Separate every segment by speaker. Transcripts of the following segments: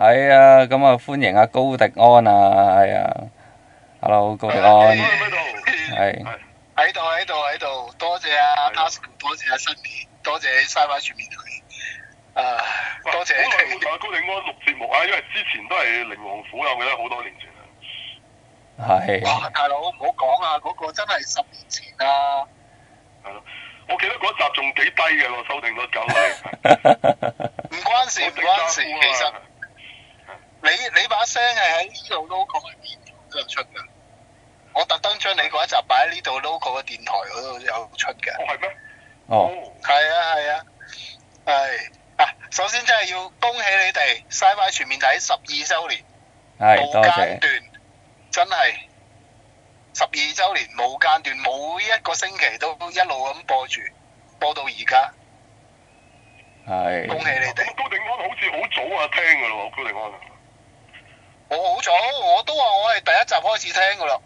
Speaker 1: 係、哎、啊，咁啊歡迎阿高迪安啊，係、哎、啊，Hello 高迪安，係喺度喺度喺度，多謝阿 p a s 多謝阿新，h e l l y 多謝
Speaker 2: 沙全面啊，多謝、啊。好耐冇高迪安錄節目啊，因為之前都係靈王府，我
Speaker 1: 記得好多年前啊，係。
Speaker 2: 大佬唔好講啊，嗰個真係十年前啊，係咯，我記得嗰集仲幾低嘅個收 聽
Speaker 3: 率咁啊。唔關事，唔關事，其實。你你把聲係喺呢度 logo 嘅電台嗰度出噶，我特登將你嗰一集擺喺呢度 logo 嘅電台嗰度有出嘅。
Speaker 1: 係咩？哦，係啊係啊，係啊。首先真係要恭喜你哋《Sci-fi 全面睇》十二周年，無
Speaker 3: 間斷，真係十二周年無間斷，每一個星期都一路咁播住，播到而家。係。恭喜你哋。Go 敵安好似好早啊，聽噶啦喎
Speaker 2: ，Go 敵安。我好早，我都話我係第一集開始聽噶啦。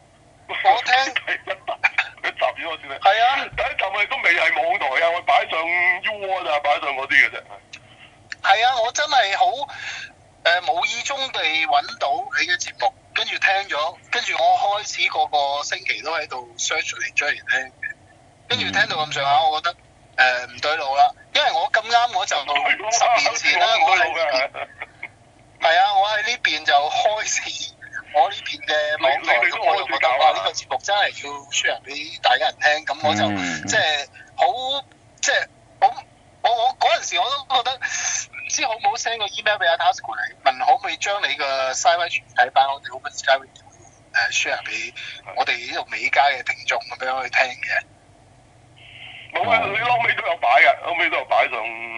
Speaker 2: 我聽 第一集，點我先聽。係啊，第一集我哋都未係網台啊，我擺上 U One 啊，擺上嗰啲嘅啫。係啊，我真係好
Speaker 3: 誒、呃，無意中地揾到你嘅節目，跟住聽咗，跟住我開始個個星期都喺度 search 嚟追嚟聽，跟住聽到咁上下，我覺得誒唔、呃、唔對路啦，因為我咁啱嗰陣十年前啦。嗯我係啊，我喺呢邊就開始我呢邊嘅網台，咁我，我，我就覺得話呢個節目真係要 share 俾大家人聽，咁我就、嗯、即係好即係好我我嗰陣時我都覺得唔知好唔好 send 個 email 俾阿 Tasuku 嚟問可唔可以將你個 Sci-fi 全睇版我哋 Open Sci-fi share 俾我哋呢度美街嘅聽眾咁俾我
Speaker 2: 哋聽嘅。冇、嗯、啊，你後尾都有擺嘅，後尾都有擺上。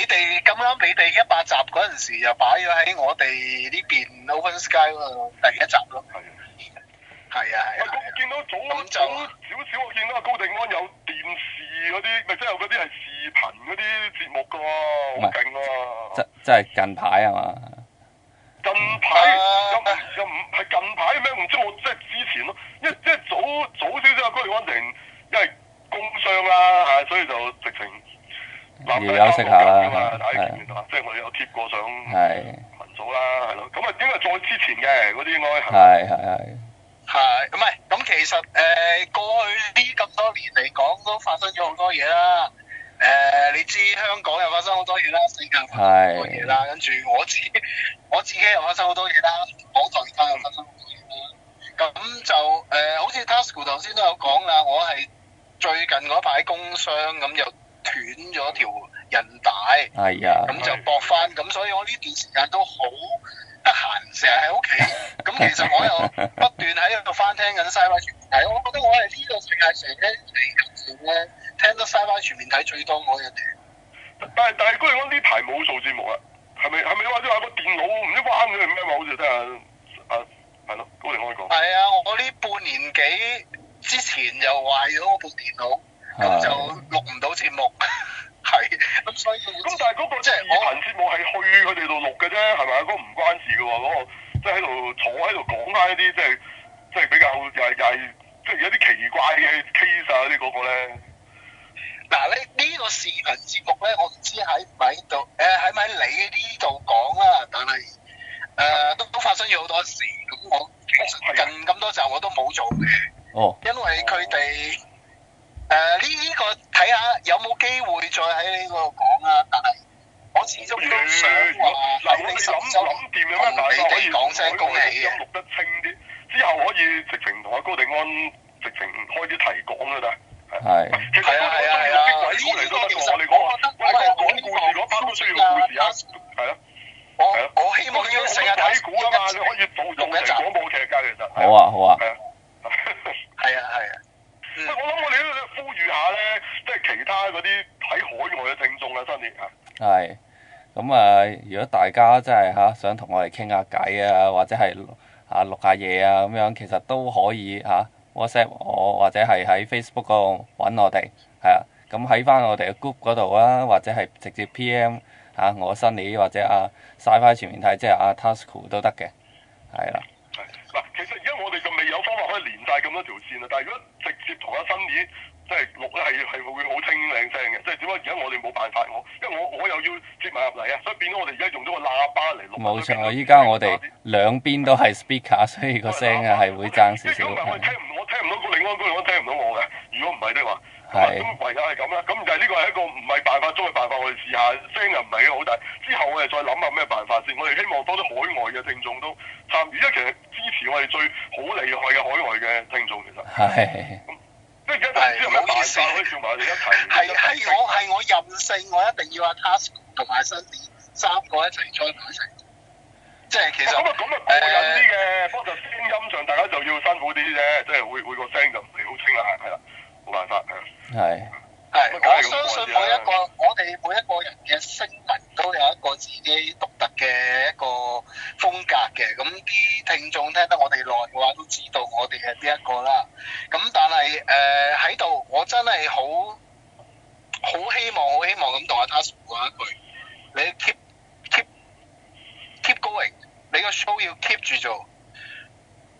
Speaker 3: 你哋咁啱，你哋一百集嗰陣時又擺咗喺我哋呢邊
Speaker 2: Open Sky 嗰度第一集咯。係啊，啊，因為我、啊啊啊啊、見到早早少少，我見到阿 Go 敵安有電視嗰啲，
Speaker 1: 咪即係有嗰啲係視頻嗰啲節目噶喎，好勁喎。即係近排吖嘛？近排又唔係近
Speaker 2: 排咩？唔知我即係、即係、之前咯。因為因為、即係、早早少少，阿 Go 敵安成、即係、因為工商啦、啊，嚇，所以就直情。
Speaker 1: 要休息下啦，即係、就是、我哋有貼過上群組啦，係咯。咁啊，點啊？再之前嘅嗰啲，我係係係係咁咪咁其實誒、呃、過去呢咁多年嚟講都
Speaker 3: 發生咗好多嘢啦。誒、呃，你知香港又發生好多嘢啦，世界係好多嘢啦，跟住我自我自己又發生好多嘢啦、嗯嗯呃，好台灣又發生好多嘢啦。咁就誒，好似 Tasuku 頭先都有講啦，我係最近嗰排工商咁又斷咗條韌帶，
Speaker 1: 係、哎、啊，咁就駁翻，咁所以我呢段時間都好得閒，成日喺屋企。咁 其實我又不斷喺度翻聽緊
Speaker 3: Sci-fi 全面睇，我覺得我喺呢個
Speaker 2: 世界上咧，地球上咧，聽得 Sci-fi 全面睇最多嘅人嚟。但係但係，居然我呢排冇做節目啊？係咪係咪話？話個電腦唔知壞咗定咩話？好似聽下啊，係、啊、咯，Go 敵安講。係啊，我呢半年幾之前就壞咗我部電腦。
Speaker 3: 咁、嗯、
Speaker 1: 就錄唔
Speaker 2: 到節目，係咁所以。咁但係嗰個即係我行節目係去佢哋度錄嘅啫，係咪啊？嗰個唔關事嘅喎，嗰個即係喺度坐喺度講下一啲即係即係比較曳曳，即係有啲奇怪嘅 case 啊啲嗰個咧。嗱呢呢個視頻節目咧，我
Speaker 3: 唔知喺唔喺度，誒喺唔喺你呢度講啦。但係誒、呃、都都發生咗好多事，咁我、哦、其實近咁多集我都冇做。哦，因為佢哋。誒、啊，呢、這、呢個睇下有冇機會再喺呢個講
Speaker 2: 啊，但係我始終都想話喺你手諗掂有咩辦法可以講聲共鳴，錄得清啲，之後可以直情同阿高敵安直情開啲題講噶啦。
Speaker 1: 係係
Speaker 2: 啊係啊係啦，呢啲都其實我哋講，我哋講故事嗰班都需要故事啊，係啊，我我希望要成日睇故噶嘛，你可以做做
Speaker 3: 成廣
Speaker 1: 播劇噶，其實好啊好啊，係啊係啊。
Speaker 2: 我諗我哋都
Speaker 1: 呼籲下咧，即係其他嗰啲喺海外嘅聽眾啊，Sunny 啊，係，咁啊，如果大家真係吓想同我哋傾下偈啊，或者係啊錄下嘢啊，咁樣其實都可以吓 WhatsApp 我，或者係喺 Facebook 度搵我哋，係啊，咁喺翻我哋嘅 Group 嗰度啊，或者係直接 PM 吓我 Sunny，或者啊 Sci-fi 全面睇即係阿 Tasuku 都得嘅，
Speaker 2: 係啦。嗱，其實而家我哋就未有方法可以連曬咁多條線啊，但係如果直接同阿 Sunny 即係錄咧係係會好清靚聲嘅，即係點解而家我
Speaker 1: 哋冇辦法？我因為我我又要接埋入嚟啊，所以變咗我哋而家用咗個喇叭嚟錄。冇錯，依家我哋兩邊都係 speaker，所以個聲啊係會爭少少。唔，我，我聽唔，我聽唔到郭利安，我聽唔到我嘅。如果唔係的話。咁、嗯、
Speaker 2: 唯有係咁啦。咁就係呢個係一個唔係辦法中嘅辦法，我哋試下聲又唔係好大。之後我哋再諗下咩辦法先。我哋希望多啲海外嘅聽眾都參與，因為其實支持我哋最好厲害嘅海外嘅聽眾其實咁即係而家唔知有冇辦法可以叫埋我哋一齊。係係我係我任性，我一定要阿 Tas
Speaker 1: 同
Speaker 2: 埋 Sunny 三個一齊再埋一齊。即係其實咁啊咁啊，我忍啲嘅，不過聲音上大家就要辛苦啲啫，即、就、係、是、會、嗯、會個聲就唔係好清啦，係啦。冇辦法嘅，係係，我相信每一個 我哋每一個人嘅聲紋都有一個自己獨特嘅一個風格嘅，
Speaker 3: 咁啲聽眾聽得我哋耐嘅話都知道我哋係邊一個啦。咁但係誒喺度，我真係好好希望，好希望咁同阿 Tas 講一句，你 keep keep keep going，你個 show 要 keep 住做。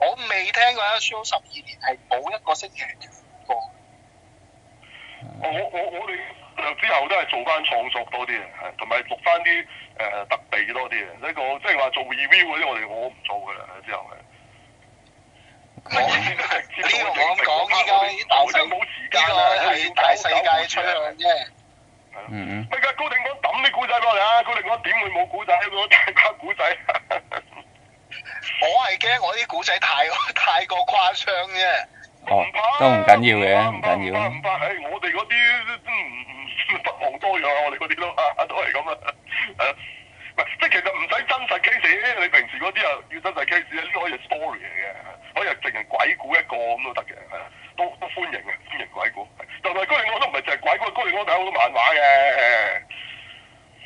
Speaker 3: 我未聽過一個 show 十二年係冇一個星期停過。
Speaker 2: 我我我我哋之後都係做翻創作多啲嘅，係同埋錄翻啲誒特備多啲嘅，一個即係話做 review 嗰啲我哋我唔做噶啦，之後嘅。呢個講講依家，依個係大世界出嚟嘅。嗯、就是、嗯。乜嘢、嗯嗯？Go 敵安抌啲古仔過嚟呀？Go 敵安點會冇古仔？我大把古仔。
Speaker 1: 我係驚我啲古仔太太過誇張啫。唔、哦、怕，都唔緊要嘅，唔緊要。唔怕，唉，我哋嗰啲都唔唔不遑多讓，我哋嗰啲都都係
Speaker 2: 咁啊。誒，唔、啊、係，即係其實唔使真實 case，你平時嗰啲啊要真實 case 啊，呢啲可以係 story 嚟嘅，可以係淨係鬼故一個咁都得嘅，係啊，都都歡迎啊，歡迎鬼故。但係 Go 敵安都唔係淨係鬼故，Go 敵安都睇好多漫畫嘅。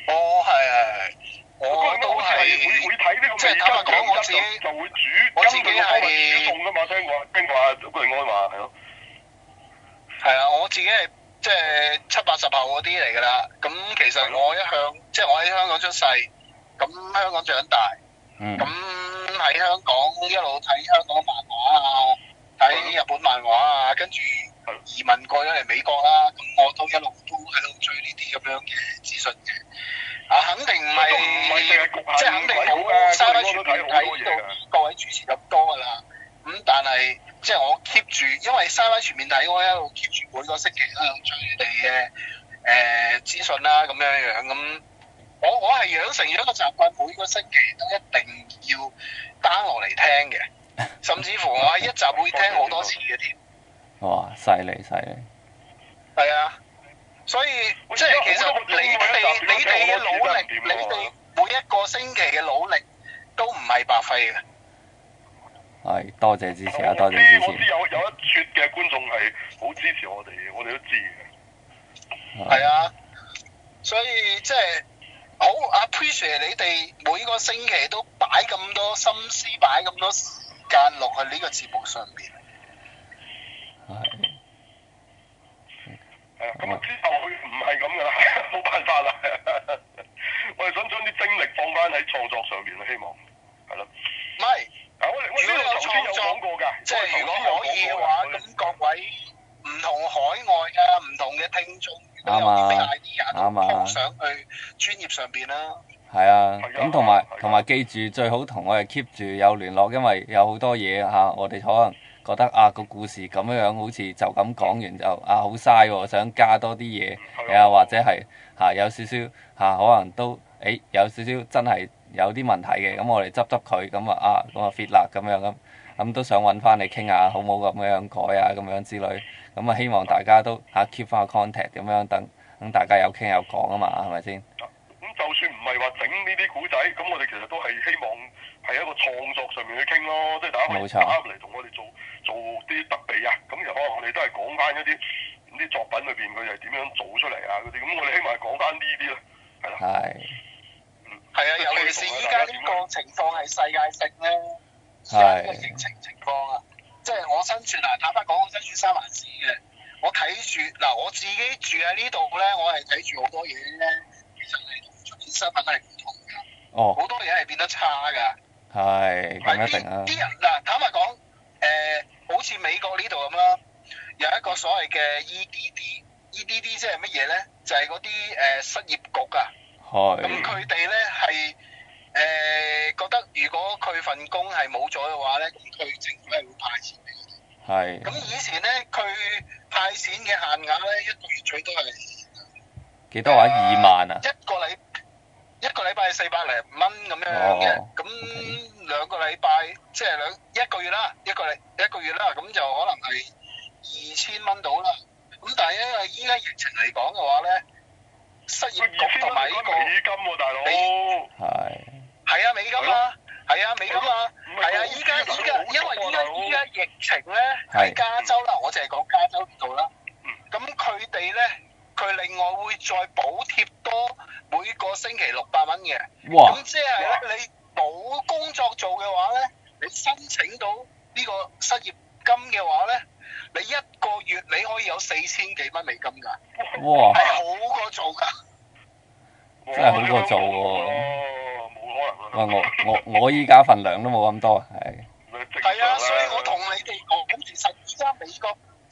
Speaker 2: 我係。我都係即係講下我自己，就我自己係主動噶嘛，
Speaker 3: 聽過啊，聽過阿 Go 敵安話係咯。係啊，我自己係即係七八十後嗰啲嚟噶啦。咁其實我一向是即係我喺香港出世，咁香港長大，咁、嗯、喺香港一路睇香港漫畫啊，睇日本漫畫啊，跟住。移民過咗嚟美國啦，咁我都一路都喺度追呢啲咁樣嘅資訊嘅。定都啊，肯定唔係，這個這個嗯，即係肯定冇。Sci-fi 全面睇到各位主持咁多噶啦。咁但係，即係我 keep 住，因為 Sci-fi 全面睇，我一路 keep 住每個星期都有追你哋嘅誒資訊啦，咁、呃啊，樣樣咁。我我係養成咗一個習慣，每個星期都一定要 down 落嚟聽嘅，甚至乎我一集會聽好多次嘅添。
Speaker 1: 哇！犀利，犀利！係啊，所以即係其實你哋你哋嘅努力，你哋每一個星期嘅努力都唔係白費嘅。係多謝支持啊！多謝支持。我知我知，
Speaker 2: 有有一撮嘅觀眾係好支持我哋嘅，我哋都知嘅。係啊，所以
Speaker 3: 即係好 appreciate 你哋每個星期都擺咁多心思，擺咁多時間落去呢個節目上邊。
Speaker 2: 咁、嗯、啊之後佢唔係咁噶啦，冇辦法啦。我哋想將啲精力放翻喺創作上面，啦，希望係咯。唔係，我頭先有講過噶。即係如果可以嘅話，咁各位唔同海
Speaker 1: 外嘅，唔同嘅聽眾，有啲 idea 啊，想去專業上邊啦。係啊，咁同埋同埋記住，最好同我哋 keep 住有聯絡，因為有好多嘢吓，啊，我哋可能。覺得啊、嗰個故事咁樣好似就咁講完就啊好嘥喎，想加多啲嘢或者係、啊、有少少、啊、可能都誒、欸、有少少真係有啲問題嘅，咁我哋執執佢咁啊啊咁啊 fit 啦咁樣咁，咁都想搵翻你傾下好唔好咁樣樣改啊咁樣之類，咁啊希望大家都嚇、啊、keep 翻個 contact 咁樣，等咁大家有傾有講啊嘛，係咪先？咁就算唔係話整呢
Speaker 2: 啲古仔，咁我哋其實都係希望。係一個創作上面去傾咯，即係大家打入嚟同我哋做做啲特備啊。咁又可能我哋都係講翻一啲啲作品裏邊佢係點樣做出嚟啊嗰啲。咁我哋希望係講翻呢啲咯，係啦。係。嗯，係啊，尤其是依家呢個情況係
Speaker 1: 世界性咧，依家個疫情情況啊，即係我生存啊，坦白講，我身處三藩市
Speaker 3: 嘅，我睇住嗱我自己住喺呢度咧，我係睇住好多嘢咧，其實你同出面新聞係唔
Speaker 1: 同嘅。哦。好多嘢係變得差㗎。係，咁一定啊！啲啲人嗱，坦白講，誒，好似美國呢度咁啦，有一個所謂嘅 EDD，EDD 即係乜嘢咧？就
Speaker 3: 係嗰啲誒失業局啊。係。咁佢哋咧係誒覺得，如果佢份工係冇咗嘅話咧，咁佢政府係會派
Speaker 1: 錢俾佢。係。咁以前咧，
Speaker 3: 佢派錢嘅限額咧，一個月最多係
Speaker 1: 幾多話？二萬啊！
Speaker 3: 一個禮。一個禮拜係四百零蚊咁樣嘅，咁兩
Speaker 4: 個禮拜即係兩一個月啦，一個禮一個月啦，咁就可能係二
Speaker 3: 千蚊到啦。咁但係因為依家疫情嚟講嘅話咧，失業局同埋呢個美金喎，大佬，係啊美金啊，係啊美金啊，係啊依家依家因為依家依家疫情咧，係加州啦，我淨係講加州度啦，咁佢哋咧。佢另外會再補貼多每個星期六百蚊嘅，咁即係咧你冇工作做嘅話咧，你申請到呢個失
Speaker 1: 業金嘅話咧，你一個月你可以有四千幾蚊美金㗎，係好過做㗎，真係好過做喎。啊，我我我依家份糧都冇咁多，係。係啊，所以我同你哋講，咁其實依家美國，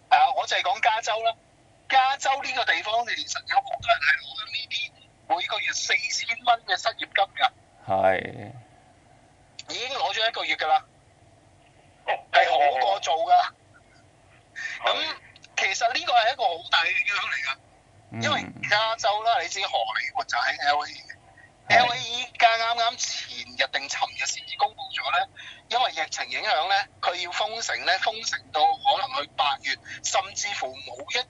Speaker 1: 係啊，我就係
Speaker 3: 講加州啦。加州呢個地方，你其實有好多人係攞緊呢啲每個月四千蚊嘅失業金噶，係已經攞咗一個月噶啦，係、哦、好過做噶。咁其實呢個係一個好大嘅影響嚟噶，因為加州啦，你知荷里活就喺 LA，LA 依家啱啱前日定尋日先至公布咗咧，因為疫情影響咧，佢要封城咧，封城到可能去八月，甚至乎冇一。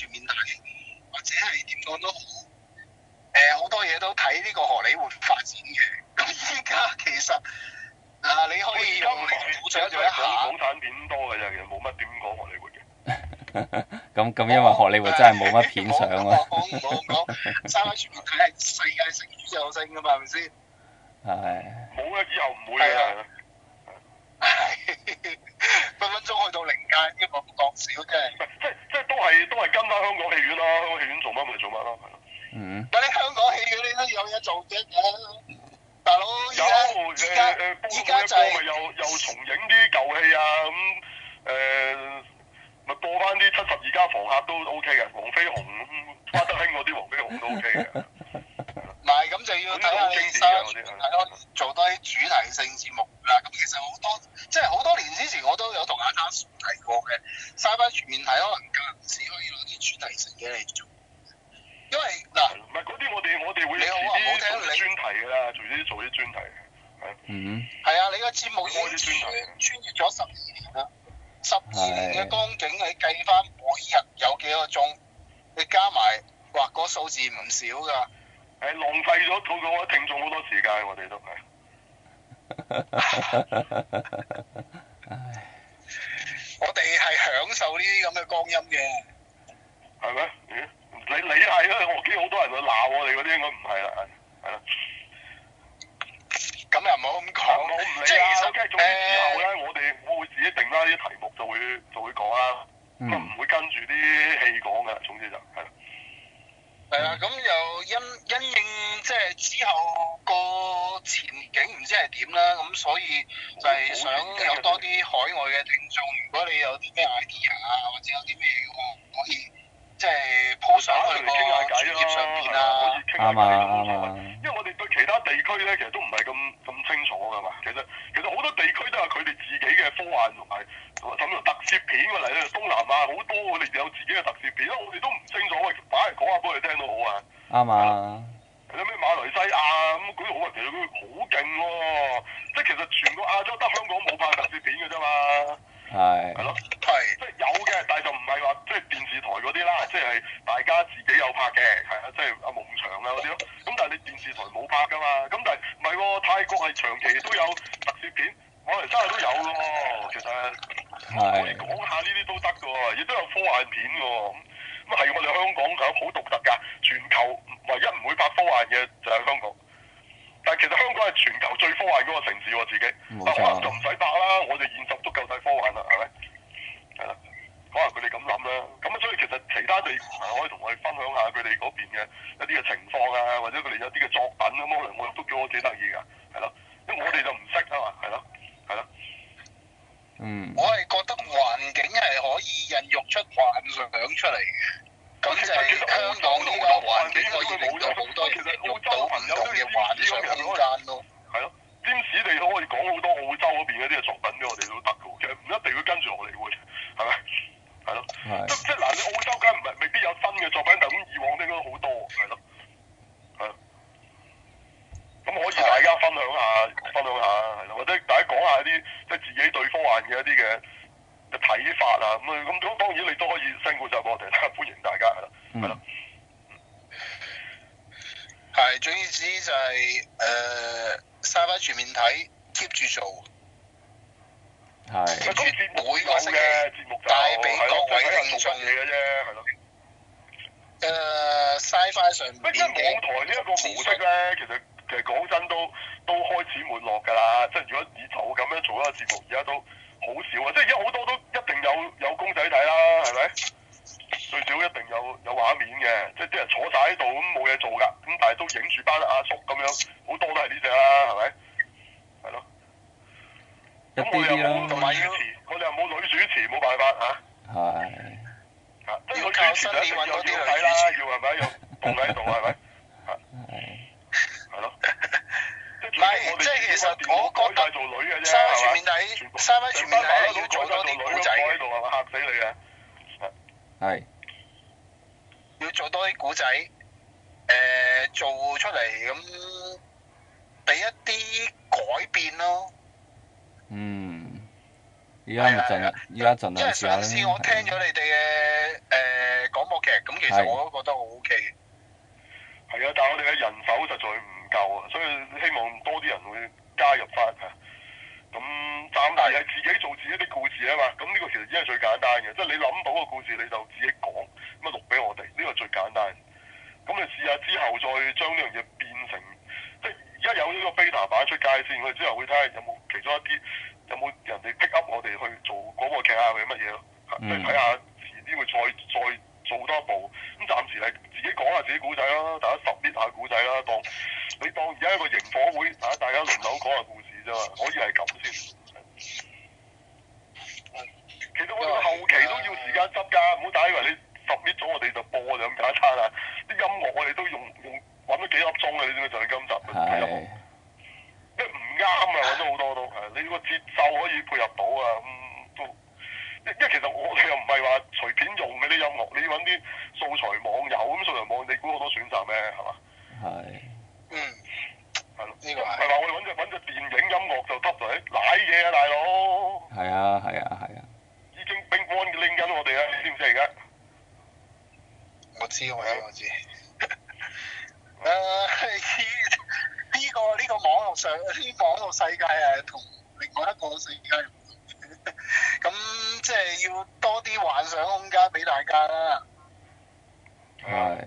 Speaker 3: 全面睇，或者係點講都好，誒、呃，好多嘢
Speaker 2: 都睇呢個荷里活發展嘅。咁依家其實啊，你可以用嚟做港產片多嘅
Speaker 1: 啫，其實冇乜點講荷里活嘅。咁 咁，因為荷里活真係冇乜片上啊。唔好唔好唔好，Sci-fi 全面睇，佢係世界性宇宙性噶嘛，係咪先？係、哎。冇啊，以後唔會啦。啊啊、
Speaker 2: 分分鐘去到靈界，呢個講少啫。真戲院做乜咪做乜咯，嗯。但係你香港戲院你都
Speaker 3: 有嘢做嘅，
Speaker 2: 大佬而家而家而家就咪、是、又又重影啲舊戲啊，咁誒咪播翻啲七十二家房客都 OK 嘅，黃飛鴻 花德興嗰啲黃飛鴻都 OK 嘅。唔係，咁就要睇下經典，睇咯，做低主題性節目。嗱、嗯，咁其實好
Speaker 3: 多即係好多年之前我都有同阿 c 提過嘅，嘥翻全面睇，可能夾硬先
Speaker 2: 可以攞啲主題性嘅嚟做。因為嗱，唔係嗰啲我哋我哋會做啲做啲專題噶啦，做啲做啲專題，係，嗯，係啊，你個節目已經我專
Speaker 3: 穿越咗十二年
Speaker 1: 啦，十二年嘅光景你計翻每日有幾多個鐘，你加
Speaker 3: 埋哇個數字唔少噶，係浪費
Speaker 2: 咗套過我聽眾好多時間，我哋都係。
Speaker 1: 是
Speaker 2: 我哋係享受呢啲咁嘅光陰嘅，係咩？嗯。你你係咯，我見好多人去鬧我哋嗰啲，應該唔係啦，係係咯。咁又唔好咁講，即係手機總之之後咧、呃，我哋我會自己定啦啲題目就，就會就會講啦，唔、嗯、會跟住啲戲講嘅。總之就係、是。係啊。咁、嗯、又因因應即
Speaker 3: 係之後個前景唔知係點啦，咁所以就係想有多啲海外嘅聽眾。如果你有啲咩 idea 啊，或者有啲咩嘅話，我可以
Speaker 2: 即係。打嚟傾下偈咯，商啊，啊，啊，可以傾下，啊，啱啊！因為我哋對其他地區咧，其實都唔係咁咁清楚噶嘛。其實其實好多地區都係佢哋自己嘅科幻同埋，甚至特攝片過嚟咧，東南亞好多我哋有自己嘅特攝片，因為我哋都唔清楚，喂，
Speaker 1: 打嚟講下俾我哋聽都好啊。啱啊！有咩馬來西亞咁，嗰啲好神奇，嗰啲好勁
Speaker 2: 喎！即係其實全個亞洲得香港冇拍特攝片嘅啫嘛。
Speaker 1: 係。係咯。
Speaker 2: 咁但係你電視台冇拍噶嘛，咁但係唔係喎，泰國係長期都有特攝片，可能真係都有噶，其實可以講下呢啲都得噶喎，亦都有科幻片喎，咁咁係我哋香港係好獨特噶，全球唯一唔會拍科幻嘅就係香港，但係其實香港係全球最科幻嗰個城市喎，自己冇錯就唔使拍啦，我哋。嘅睇法啊，咁啊，咁當然你都可以新故就我哋，歡迎大家係咯，係咯。係總言之就係、是、誒，曬、呃、塊全面睇，keep 住做。係、就是呃。其實次每集嘅節目就係比較體現嘅嘢嘅啫，係咯。誒，曬塊全面。乜？因為網台呢一個模式咧，其實其實講真都都開始沒落㗎啦。即係如果以早咁樣做一個節目，而家都。好少啊！即係而家好多都一定有有公仔睇啦，係咪？最少一定有有畫面嘅，即係啲人坐晒喺度咁冇嘢做噶，咁但係都影住班阿叔咁樣，好多都係呢隻啦，係咪？係咯。
Speaker 1: 咁我哋又冇女
Speaker 2: 主持，我哋又冇女主持，冇辦法吓？係、啊啊。即係女主持一定要睇啦，要係咪？要動嚟動係
Speaker 1: 咪？係。係 是咯。
Speaker 2: 唔係，即係其實我覺得，三位全面
Speaker 3: 睇，三位全，全面睇，要做多啲古仔。我喺度
Speaker 1: 係咪嚇死你啊？
Speaker 3: 係。要做多啲古仔，誒做出嚟咁俾一啲
Speaker 1: 改變咯。嗯。而家咪陣啦！依家陣啦！即係上次我聽咗你哋嘅
Speaker 3: 誒廣播劇，咁其實我都
Speaker 2: 覺得好 OK。係啊，但係我哋嘅人手實在唔～夠啊！所以希望多啲人會加入翻啊！咁，暫大係自己做自己啲故事啊嘛。咁呢個其實已經係最簡單嘅，即係你諗到個故事你就自己講，咁啊錄俾我哋。呢個最簡單。咁你試下之後再將呢樣嘢變成，即係而家有咗個 Beta 版出街先，佢之後會睇下有冇其中一啲，有冇人哋 pick up 我哋去做嗰個劇啊，或者乜嘢
Speaker 4: 咯？睇
Speaker 2: 下遲啲會再再。做多步，咁暫時嚟自己講下自己古仔啦，大家拾搣下古仔啦，當你當而家一個營火會，大家大家輪流講下故事啫嘛，可以係咁先。其實我哋後期都要時間執噶，唔好睇以為你拾搣咗我哋就播就咁簡單啦。啲音樂我哋都用用揾咗幾粒鐘嘅，你知嘛？就係今集
Speaker 1: 幾粒，即係唔啱
Speaker 2: 啊！揾咗好多都，啊、你個節奏可以配合到啊。因因為其實我哋又唔係話隨便用嘅啲音樂，你揾啲素材網友咁素材網，你估好多選擇咩？係嘛？係。嗯。係咯，呢、這個係。唔係話我哋揾隻揾隻電影音樂就 cut 瀨嘢啊大佬！係啊係啊係啊。已經冰光拎緊我哋啦，你知唔知而家？我知我知我知。誒、 uh, 這個，呢個呢個網絡上
Speaker 3: 呢、這個網絡世界誒，同另外一個世界。咁即係要多啲幻想空間俾大家啦、啊。係。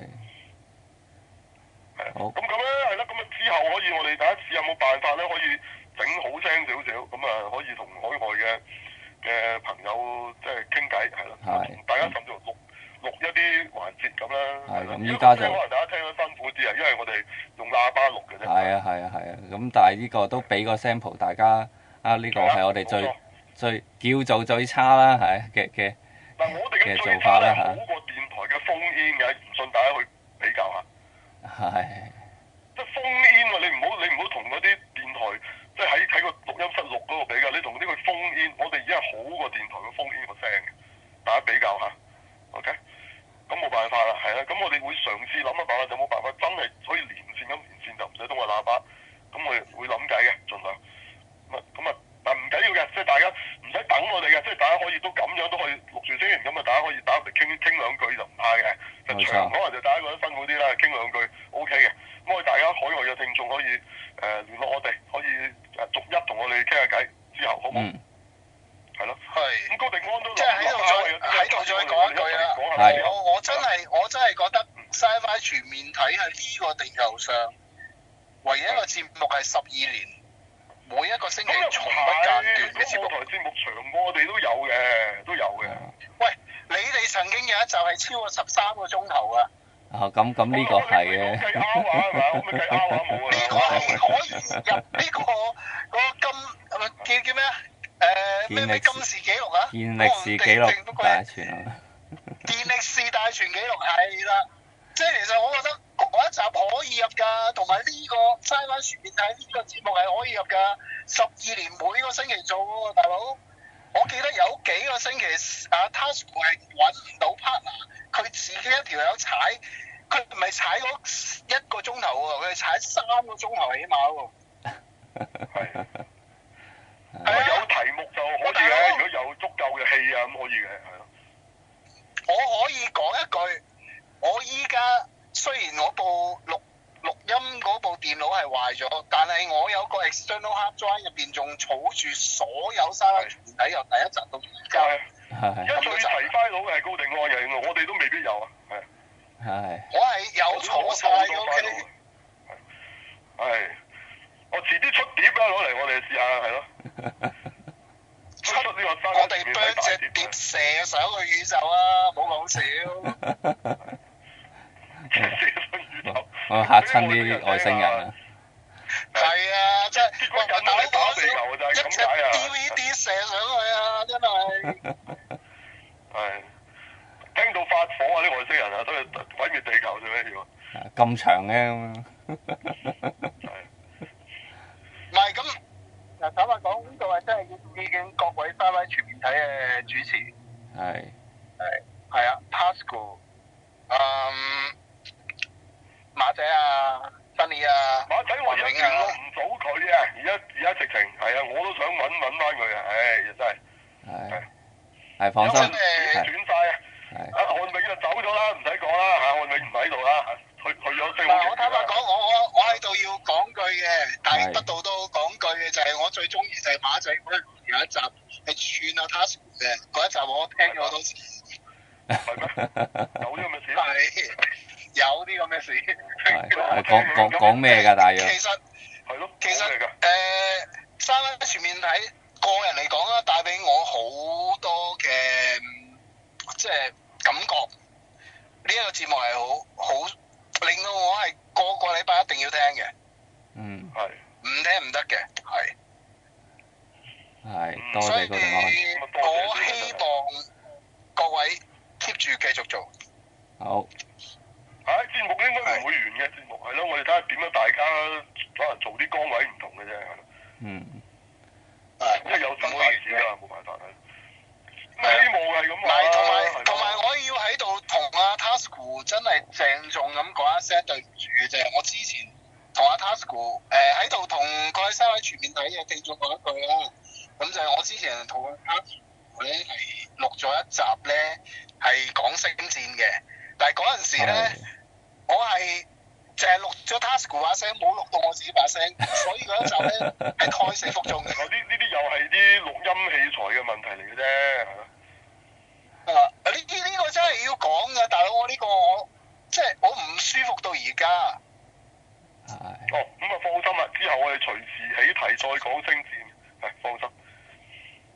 Speaker 3: 係。好。咁咁咧，係啦、啊。
Speaker 2: 咁啊之後可以，我哋第一次有冇辦法咧，可以整好聲少少，咁啊可以同海外
Speaker 1: 嘅嘅朋友即係傾偈，係、就、啦、是。係、啊。啊、大家撳住錄錄一啲環節咁啦。係、啊。咁依家就可能大家聽得辛苦啲啊，因為我哋用喇叭錄嘅啫。係啊係啊係啊，咁、啊啊啊、但係呢個都俾個 sample 大家啊，呢、啊這個係我哋最。最叫做最差啦，係嘅嘅嘅但我哋嘅做法咧，好過電台嘅封煙嘅，唔信大家去比較下。係。
Speaker 2: 即係封煙喎，你唔好你唔好同嗰啲電台，即係喺喺個錄音室錄嗰個比較，你同呢個封煙，我哋而家係好過電台嘅封煙個聲嘅，大家比較下。OK，咁冇辦法啦，係啦，咁我哋會嘗試諗一諗啦，就冇辦法真係可以連線咁連線就唔使通過喇叭，咁我哋會諗計嘅，儘量。咁啊咁啊。嗱，唔緊要嘅，即係大家唔使等我哋嘅，即係大家可以都咁樣都可以錄住先。音咁啊，大家可以打入嚟傾傾兩句就唔怕嘅。長可能就大家覺得辛苦啲啦，傾兩句 O K 嘅。咁、OK、我哋大家海外嘅聽眾可以誒聯、呃、絡我哋、呃，可以逐一同我哋傾下偈之後，好唔好？係咯，係、嗯。咁 Go、那個、敵安都即係喺度再喺度再講一句啦。係、
Speaker 3: 啊。我我真係我真係覺得，Sci、嗯、Fi 全面睇係呢個地球上、嗯、唯一一個節目係十二年。
Speaker 1: 每一個星期從不間斷，啲節目台節目長過我哋都有嘅，都有嘅。喂，你哋曾經有一集係超過十
Speaker 2: 三個鐘頭啊？啊，咁咁呢個係嘅。呢個可以入呢個嗰個金
Speaker 1: 叫叫咩啊？誒，咩咩金氏紀錄啊？健力士紀錄大全。健力士大全紀錄係啦，即係其實
Speaker 3: 我覺得。嗰一集可以入㗎，同埋呢個 Sci-fi 全面睇呢個節目係可以入㗎。十二年每個星期做喎，大佬。我記得有幾個星期啊，Tasuku 係搵唔到 partner，佢自己一條友踩，佢唔係踩嗰一個鐘頭喎，佢係踩三
Speaker 2: 個鐘頭起碼喎。係。係啊，有題目就可以嘅。如果有足夠嘅氣啊，咁可以嘅，係咯。我可以講
Speaker 3: 一句，我依家。雖然我部錄錄音嗰部電腦係壞咗，但係我有個 external hard drive 入邊仲儲
Speaker 2: 住所有 Sci-fi 全面睇由第一集到而家，因為佢齊翻佬嘅係高定案人，我哋都未必有啊。
Speaker 1: 係，
Speaker 2: 我係有儲晒。O K，我遲啲出碟啦，攞嚟我哋試下，
Speaker 1: 係咯。 出我哋幫隻碟射上去宇宙啊！冇 講說笑。 我 嚇親啲外星人係啊！係、就、啊、係，即係打到地球，就係、
Speaker 2: 咁樣一隻 DVD 射上去啊， 真係！係聽到發火啊！啲外星人啊，都係毀滅地球做
Speaker 1: 咩要啊？咁長嘅咁啊！唔
Speaker 2: 係咁，嗱，坦白講，呢度係真係要致敬
Speaker 3: 各位三位全面睇嘅主持。
Speaker 1: 係。
Speaker 2: 搵
Speaker 1: 翻佢啊！唉，真係，係，係放心。轉曬啊！阿漢永就走咗啦，唔使講啦嚇，漢永唔喺度啦，去去咗。嗱，我坦白講，我我我喺度要講句嘅，但係得到都講句嘅就係我最中意就係馬仔嗰一集，係串阿 Tas 嘅嗰一集，我聽咗都，係咩？走咗咪事？係，有啲咁嘅事。係講講講咩㗎？大約。
Speaker 2: 而家，哦，咁啊放心啦，之後我哋隨時起題，再講星戰。係放心，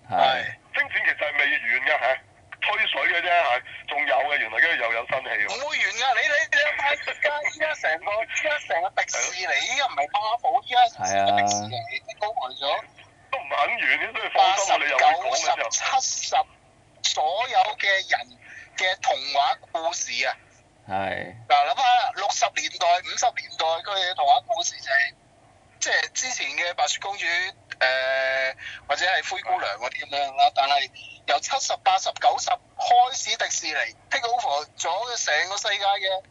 Speaker 2: 係星戰其實未完噶吓，吹水嘅啫。係仲有嘅，原來跟住又有新戲喎。會完噶你你你快出依家，成個依家成個迪士尼，依家唔係巴寶依家迪士尼都嚟咗，
Speaker 3: 都唔肯完你，所以放心，你又會講七十，所有嘅人嘅童話故事啊！係嗱，諗下六十年代、五十年代佢嘅童話故事就係、是，即係之前嘅白雪公主，誒、呃、或者係灰姑娘嗰啲咁樣啦。但係由七十八十九十開始，迪
Speaker 1: 士尼 take over 咗成個世界嘅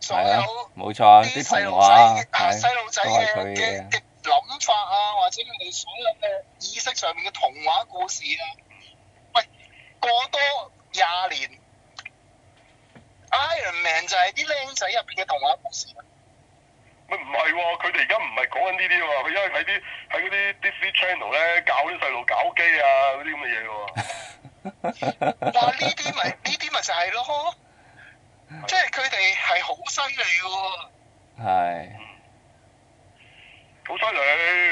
Speaker 1: 所有、啊，冇錯啲細路仔，細路仔嘅嘅諗法啊，或者佢哋所有嘅意識上面嘅童話故事啊，
Speaker 3: 喂，過多廿年。Iron
Speaker 2: Man 就係啲僆仔入邊嘅動畫故事啊！咪唔係喎，佢哋而家唔係講緊呢啲啊，佢因為喺啲喺啲 Disney Channel 咧教啲細路搞機啊嗰啲咁嘅嘢喎。嗱呢啲咪呢啲咪就係咯，即係佢哋係好犀利嘅。係，好犀利，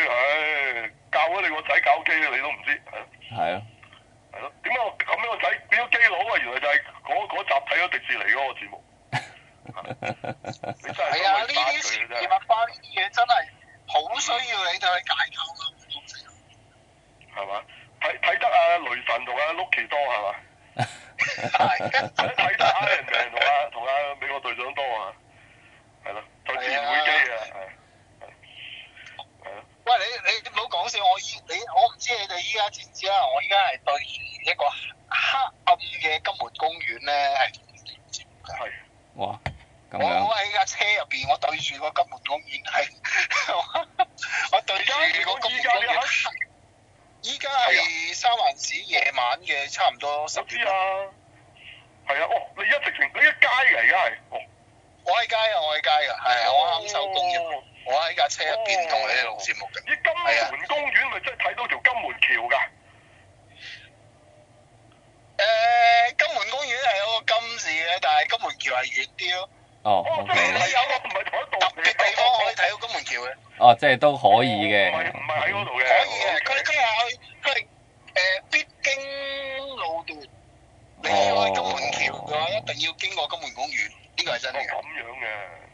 Speaker 2: 唉，教咗、啊啊 就是 啊啊、你個仔搞機，你都唔知。
Speaker 1: 係啊。
Speaker 2: 係咯，點解我咁樣我仔變咗基佬啊？原來就係嗰嗰集睇咗迪士尼嗰個節目。係 啊，呢啲你文化呢啲嘢真係好 需要你去解構啊！係 嘛，睇睇得啊，
Speaker 3: 雷神同啊碌奇多係
Speaker 2: 嘛？係睇 得啊，人哋同啊同啊美國隊長多啊，係咯，就自然會基啊，係。喂，你你唔好講笑，我以你我唔知。依家知唔知啦？
Speaker 3: 我依家係對住一個黑暗嘅金門公園
Speaker 1: 咧，係係哇，咁我喺
Speaker 3: 架車入邊，我，在我對住個金門公園係，我對住個金門公園。依家係三藩市夜晚嘅，差唔多十點啦，係啊，
Speaker 2: 哦，你一直停到一街嚟嘅係，我喺街啊，我喺街啊，係啊，我啱收工啊。哦我喺架車入邊同你做節目嘅。啲金門公園咪真係睇到條金門橋㗎？誒，金門公園係有個金字嘅，但係金門橋係遠啲咯。哦，即係你有個唔係同一度嘅特別地
Speaker 1: 方可以睇到金門橋嘅。哦，即係都可以嘅。唔係唔
Speaker 2: 係喺嗰度嘅。可以嘅，佢佢係去即係誒必
Speaker 1: 經路段。哦。金門橋，佢話一定要經過
Speaker 2: 金門公園，呢個係真係。咁樣嘅。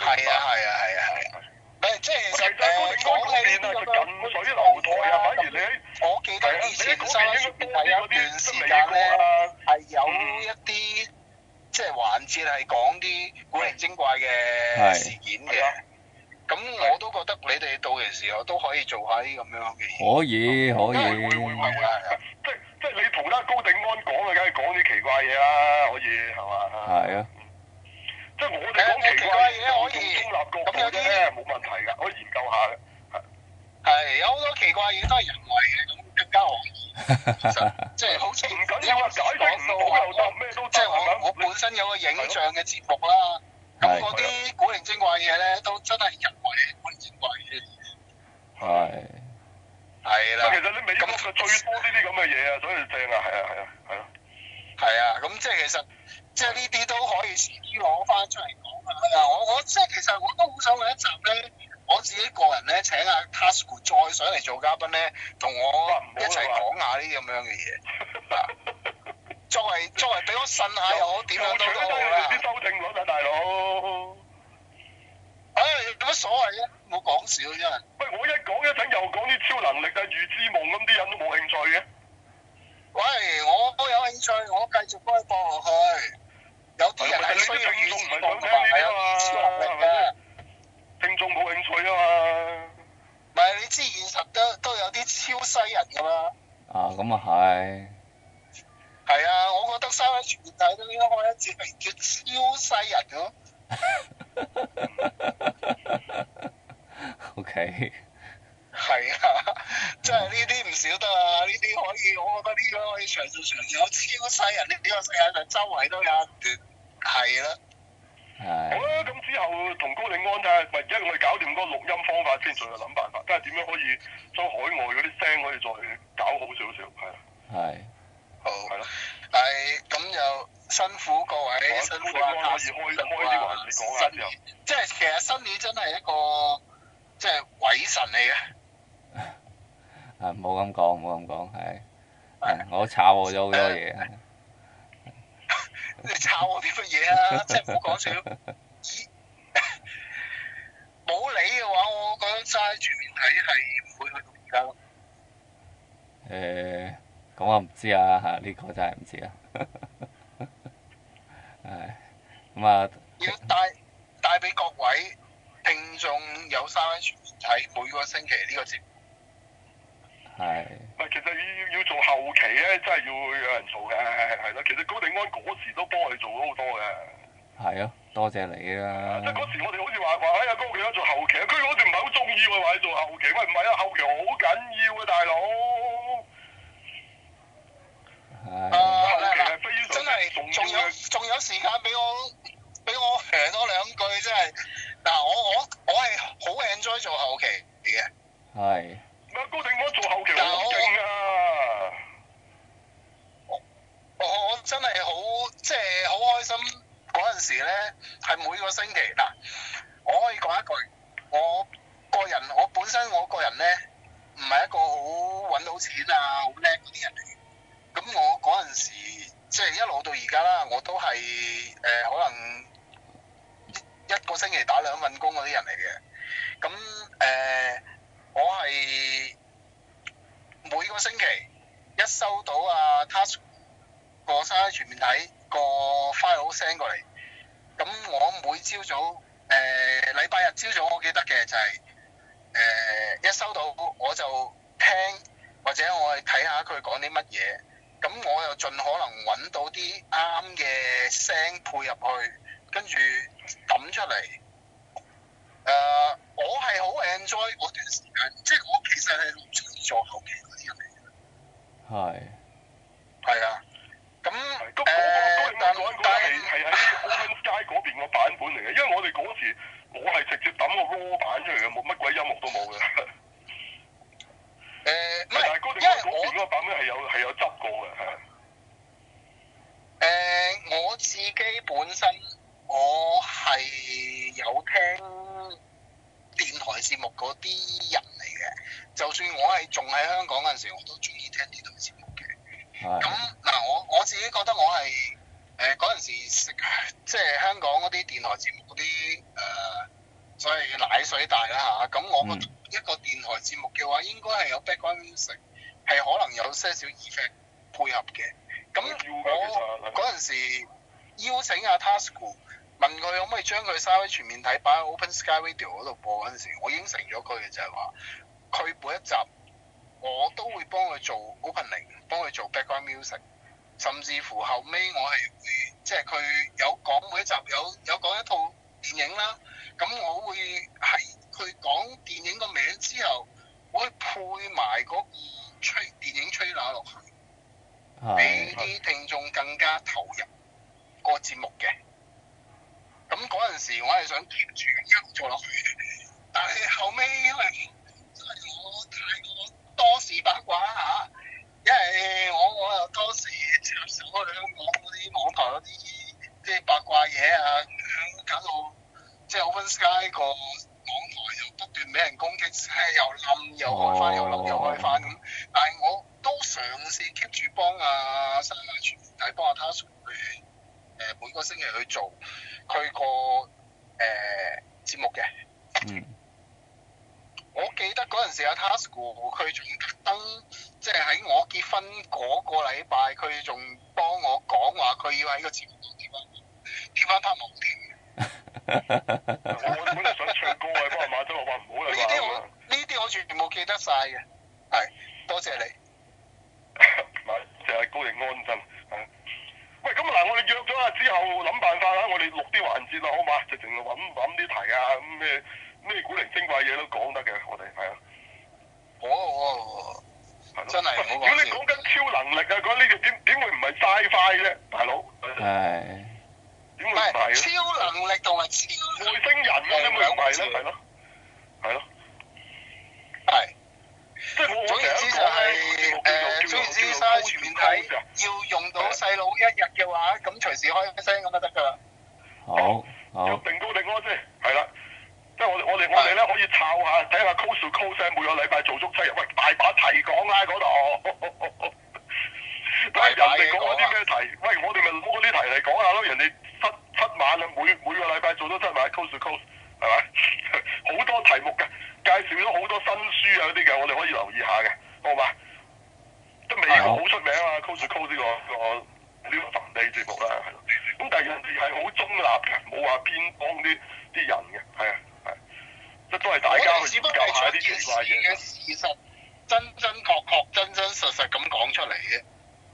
Speaker 2: 係啊係啊係啊係啊！誒即係就誒講起咧，就近水樓台啊！反而你喺我記得以前收一段時間咧，係有一啲即係
Speaker 1: 環節係講啲古靈精怪嘅事件嘅，咁我都覺得你哋到時時候都可以做下啲咁樣嘅嘢。可以可以，即
Speaker 2: 係即係你同得 Go 敵安講啊，梗係講啲奇怪嘢啦，可以係嘛？係啊。即係我哋講奇怪嘢可以，咁有啲咧冇問題㗎，可以研究下嘅。係有好多奇怪嘢都係人為嘅咁更
Speaker 3: 加可疑，即 係、就是、好似唔緊要解釋唔到又得，即係我我、
Speaker 1: 就是、我，我，你我本身有個影像嘅節目啦，咁嗰啲古靈精怪嘢
Speaker 3: 咧都真係人為嘅古靈精怪嘅。係係啦。其實你美國就最多呢啲咁嘅嘢啊，所以正啊，係啊，係啊，係咯。係啊，咁即係其實。即係呢啲都可以遲啲攞翻出嚟講下，我我即係其實我都好想為一集咧，我自己個人咧請阿 Tasuku 再上嚟做嘉賓咧，同我一齊講下呢啲咁樣嘅嘢。作為作為俾我信下又好，點樣都好啦。
Speaker 2: 冇搶到佢啲收聽率啊，大佬！唉，有乜所謂啊？冇講笑啫。喂，我一講一陣又講啲超能力啊，預知夢咁啲人都冇興趣嘅。喂，我都有興趣，我繼續幫你播落去。
Speaker 3: 有啲人係需要唔講嘅嘢啊嘛，係咪啊？是是聽眾冇興趣啊嘛。唔係你知現實都都有啲超西人噶嘛。啊，咁啊係。係啊，我覺得三位全體都應
Speaker 1: 該可以一開一隻名叫超西人
Speaker 3: 咯。O K。係啊，即係呢啲唔少得啊！呢 啲可以，我覺得呢樣可以長做長有，有超西人呢，呢個世界上周圍都
Speaker 2: 有。係啦，係。好啦，咁之後同高定安睇下，咪而家我哋搞掂嗰錄音方法先，再去諗辦法，即係點樣可以將海外嗰啲聲可以再搞好少少，係啦。係，好，係咯，係。咁又辛苦各位，
Speaker 3: 辛苦大家。高定安可以開開啲話講啊，即係其實 Sunny 真係一個即係鬼神嚟
Speaker 1: 嘅。誒，冇咁講，冇咁講，係，我炒我咗好多嘢。 你
Speaker 3: 炒我啲乜嘢啊？即係唔好講笑，冇你嘅話，我覺得
Speaker 1: Sci-fi 全面睇係唔會去到而家咯。誒，咁我唔知啊，嚇呢個真係唔知啊。係，咁啊。
Speaker 3: 要帶帶俾各位聽眾有
Speaker 2: Sci-fi 全面睇每個星期呢個節目。係、啊，唔係其實要要做後期咧，真係要有人做嘅，係咯、啊。其實高定安嗰時都幫佢做咗好多嘅。
Speaker 1: 係咯、啊，多謝你啦。即係嗰
Speaker 2: 時我哋好似話話，哎呀，高定安咧做後期，佢我哋唔係好中意佢話你做後期，喂，唔係啊，後期好
Speaker 1: 緊要嘅大佬。係、啊，後期係非常之重要。
Speaker 2: 仲有仲有時間
Speaker 3: 俾我俾我 share 多兩句，真係。嗱、啊，我我我係好 enjoy 做後期嚟嘅。係、啊。高定我做後期啊！好勁啊我,我,我真係好即係好開心嗰陣時咧，係每個星期嗱，我可以講一句，我個人我本身我個人咧，唔係一個好搵到錢啊、好叻嗰啲人嚟嘅。咁我嗰陣時即係、就是、一路到而家啦，我都係誒、呃、可能一個星期打兩份工嗰啲人嚟嘅。咁誒。呃我係每個星期一收到啊 Tasuku 過曬全面睇，個 file 聲過嚟。咁我每朝早，誒禮拜日朝早我記得嘅就係誒、一收到我就聽，或者我係睇下佢講啲乜嘢。咁我又盡可能揾到啲啱嘅聲配入去，跟住揼出嚟。誒、uh，我係好 enjoy 嗰段時間，即係我其實係唔中意做後期嗰
Speaker 1: 啲
Speaker 2: 人嚟嘅。係。係啊。咁誒、嗯。但係，但係，係喺奧運街嗰邊個版本嚟嘅，因為我哋嗰時我係直接揼個 raw 版出嚟嘅，冇乜鬼音樂都冇嘅。誒、呃。唔係，但係高定威嗰邊嗰個版本係有係有執過嘅。誒、呃，我自己
Speaker 3: 本身。我係有聽電台節目嗰啲人嚟嘅，就算我係仲喺香港嗰陣時，我都中意聽呢台
Speaker 2: 節目嘅。咁
Speaker 3: 嗱，我我自己覺得我係誒嗰陣時候食，即係香港嗰啲電台節目嗰啲、呃、所謂奶水大啦嚇。咁我
Speaker 1: 嗰個一個電台節目嘅話，嗯、應該係有
Speaker 3: background music，係可能有些少 effect 配合嘅。咁我嗰時候邀請阿 Tasuku。問佢可唔可以將佢 Sci-fi 全面睇擺喺 Open Sky video 嗰度播嗰陣時候，我應承咗佢嘅就係話，佢每一集我都會幫佢做 opening，幫佢做 background music，甚至乎後尾我係會即係佢有講每一集有有講一套電影啦，咁我會喺佢講電影個名之後，我會配埋嗰個吹電影吹喇落去，俾啲聽眾更加投入個節目嘅。咁嗰陣時我，我係想 keep 住咁一路做落去，但係後尾因為真係我太多、就是就是、多事八卦因為我我又多事，即手成啲香港嗰啲網台嗰啲即係八卦嘢啊，搞到即係、就是、Open Sky 個網台又不斷俾人攻擊，即係又冧又開翻，又冧、哦、又開翻咁。但係我都嘗試 keep 住幫阿三拉全面睇幫阿 Tasuku 去誒每個星期去做。去個誒節目嘅、嗯，我記得嗰陣時阿 Tasuku，佢仲登，即係喺我結婚嗰個禮拜，佢仲幫我講話，佢要喺個節目度貼翻，
Speaker 2: 貼翻他冇我本來想唱歌啊，幫我買咗，話唔好嚟啦。呢啲我呢啲我全部記得晒嘅，係多謝你。唔 係，就係 Go 敵安。喂，咁嗱，我哋約咗啊之後，諗辦法啦，我哋錄啲環節啦，好嘛？就仲要揾揾啲題啊，咁咩咩古靈精怪嘢都講得嘅，我哋係啊。我我係咯，真係如果你講緊超能力啊，咁呢啲點點會唔係齋塊嘅，大佬？係。唔係超能力同埋超外星人啊，咁咪係咯，係咯。即言之就係誒，總言、呃、要用到細佬一日嘅話，咁隨時開聲咁就得㗎啦。好，好要定高定安先，係啦。即係我哋，我哋我哋咧可以炒下，睇下 Coast to Coast，每個禮拜做足七日。喂，大把題講啦嗰度。睇下、哦、人哋講嗰啲咩題、啊，喂，我哋咪攞嗰啲題嚟講下咯。人哋七七晚啊，每每個禮拜做足七晚 Coast to Coast 係嘛？Coast 好多題目嘅，介紹咗好多新書啊嗰啲嘅，我哋可以留意一下嘅，好嘛？即美國好出名啊，Coast to Coast 呢個呢個本地節目啦，係。咁第二樣事係好中立嘅，冇話偏幫啲啲人嘅，係啊，係。即都係大家去一下啲奇怪的了解呢件事嘅事實，真真確確、真真實實咁講出嚟嘅。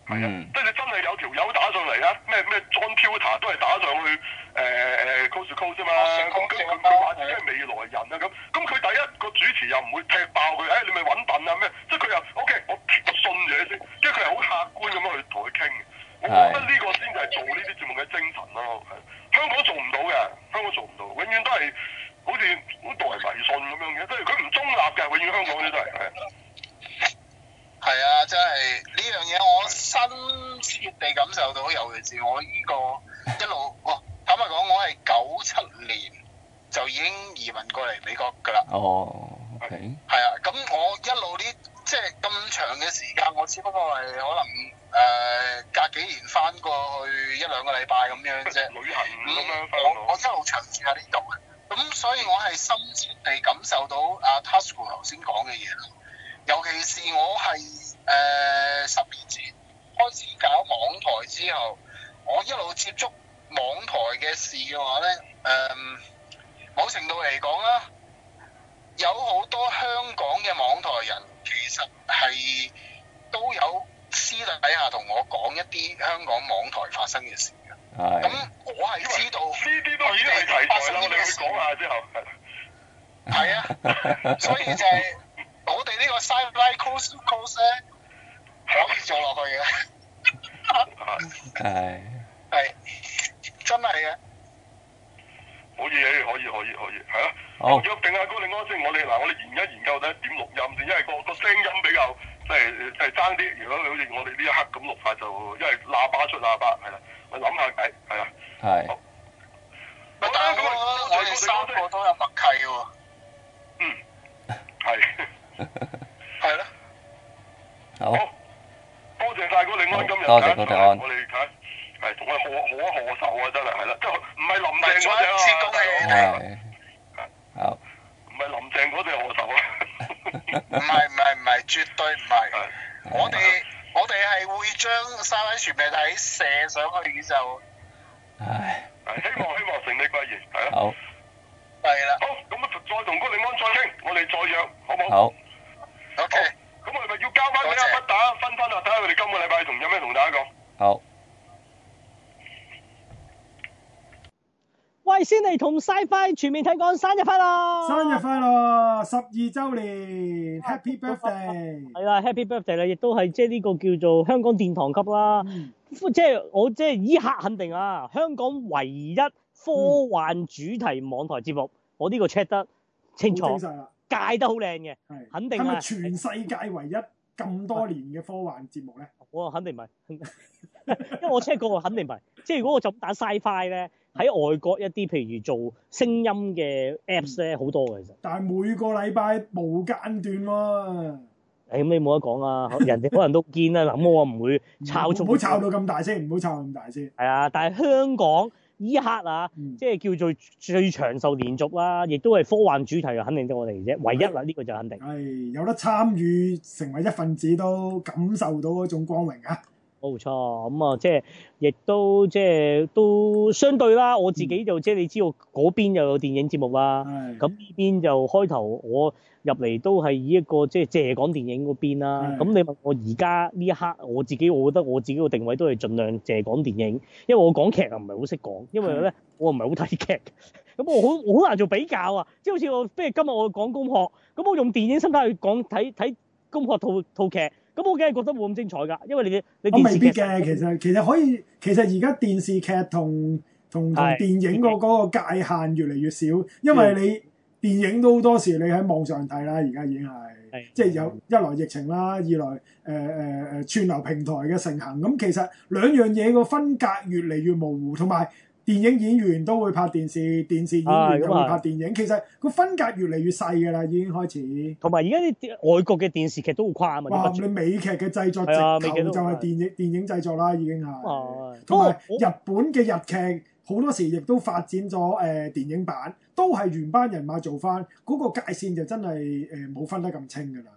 Speaker 2: 係啊、嗯，即係你真係有條友打上嚟啊！咩咩 John p a y t e r 都係打上去，誒 cos cos 啫嘛。咁佢話自己係未來人啊！咁咁佢第一個主持又唔會踢爆佢，哎，你咪揾笨啊，咩？即係佢又 OK，我信嘢先。即係佢係好客觀咁樣去同佢傾。我覺得呢個先就係做呢啲節目嘅精神咯。係香港做唔到嘅，香港做唔到、到，永遠都係好似好代迷信咁樣嘅。即係佢唔中立嘅，永遠香港啲都係。係啊，真係呢
Speaker 3: 樣嘢我深切地感受到，尤其是我呢個一路，哇、 哦，
Speaker 1: 坦白講，我係九七年就已經移民過嚟美國噶啦。哦，係啊，咁我一路呢，即係
Speaker 3: 咁長嘅時間，我只不過係可能誒、呃、隔幾年翻過去一兩個禮拜咁樣啫，旅行咁樣翻，我真係好長住喺呢度嘅。咁所以我係深切地感受到阿 Tasuku 頭先講嘅嘢啦。啊尤其是我係誒十二節開始搞網台之後，我一路接觸網台嘅事嘅話咧，誒、呃、某程度嚟講啦，有好多香港嘅網台人其實係都有私底下同我講一啲香港網台發生嘅事
Speaker 1: 嘅。咁我係知道呢啲都已經係題
Speaker 3: 材啦，我哋會講下之後係啦。係啊，
Speaker 1: 所以
Speaker 3: 就係、是。
Speaker 2: 我哋呢個 side line close to close 咧，可以做落去嘅。係、啊、係 是， 真係嘅。可以，可以，可以，可以，係咯。好，約定阿 Go 敵安先，我哋嗱，我哋研一研究睇點錄音先，因為個個聲音比較，即係即係爭啲。如果好似我哋呢一刻咁錄法，就因為喇叭出喇叭係啦。我諗下計，係啦。係。但係咁啊，我哋三個都有默契嘅、啊。嗯，係。係啦，好，多謝晒 Go 敵安今日，多謝哥大安。我哋睇係同佢何何一何手啊真係，係啦，就唔係林鄭嗰隻啊，係，好，
Speaker 1: 唔係林鄭嗰隻何手
Speaker 2: 啊，唔係唔係唔係，絕對唔係，我哋我哋係會將 Sci-fi 全面睇射上去
Speaker 3: 宇宙，唉，希望希望成你貴言，係啦，好，係啦，好，咁啊再同 Go 敵安再傾，我哋
Speaker 1: 再約，好
Speaker 2: 唔
Speaker 1: 好？好。O K，咁我
Speaker 2: 係咪要交翻咩啊？不打謝謝分分啊！睇下佢哋今
Speaker 4: 個禮拜同有咩同大家講。好。喂，先嚟同 Sci-fi 全面睇講生日快樂。生日快樂，十二周年，Happy
Speaker 5: Birthday。係、啊、啦，Happy Birthday 啦，亦都係即係呢個叫做香港殿堂級啦、嗯。即係我即係依刻肯定啊，香港唯一科幻主題網台節目，嗯、我呢個 check 得清楚。界得好靚嘅，肯定啊！係咪全
Speaker 4: 世界唯一咁多年嘅科幻節目咧？我肯定唔係， 因
Speaker 5: 為我 check 過，肯定唔係。即係如果我就咁打 Sci-Fi 咧，喺、嗯、外國一啲譬如做聲音嘅 Apps 咧，好多嘅其實、嗯。
Speaker 4: 但係每個禮拜無間斷喎、
Speaker 5: 啊。誒、哎、咁你冇得講啊！人哋可能都見啊咁我唔會抄錯。唔好抄到
Speaker 4: 咁大聲，唔好抄咁大聲。
Speaker 5: 係啊，但係香港。呢一刻啊，即係叫做最長壽連續啦，亦都係科幻主題，又肯定得我哋啫，唯一啦，
Speaker 4: 呢個就肯定。係有得參與成為一份子，都感受到一種光榮啊！
Speaker 5: 冇錯，咁啊、就是，即係亦都即係都相對啦。我自己就即係、嗯、你知道嗰邊又有電影節目啦。咁、嗯、呢邊就開頭我入嚟都係以一個即係、就是、借講電影嗰邊啦。咁、嗯、你問我而家呢一刻，我自己我覺得我自己嘅定位都係盡量借講電影，因為我講劇啊唔係好識講，因為咧我唔係好睇劇，咁、嗯、 我好好難做比較啊。即係好似我譬如今日我講攻殼，咁我用電影心態去講睇睇攻殼套套劇。咁我梗係覺得冇咁精彩㗎，因為你嘅你電視劇，我未必嘅其
Speaker 4: 實其實可以，其實而家電視劇同同同電影嗰個界限越嚟越少，因為你電影都好多時你喺網上睇啦，而家已經係，即係有一來疫情啦，二來誒誒誒串流平台嘅盛行，咁其實兩樣嘢個分隔越嚟越模糊，同埋。電影演員都會拍電視，電視演員都會拍電影。啊、其實個分隔越嚟越細㗎啦，已經開始。同埋而家啲外國嘅電視劇都誇咁啊！哇，你美劇嘅製作直頭就係電影電影製作啦，已經係。哦、啊。同埋日本嘅日劇好多時亦都發展咗誒電影版，都係原班人馬做翻，嗰、嗰個界線就真係誒冇分得咁清㗎啦。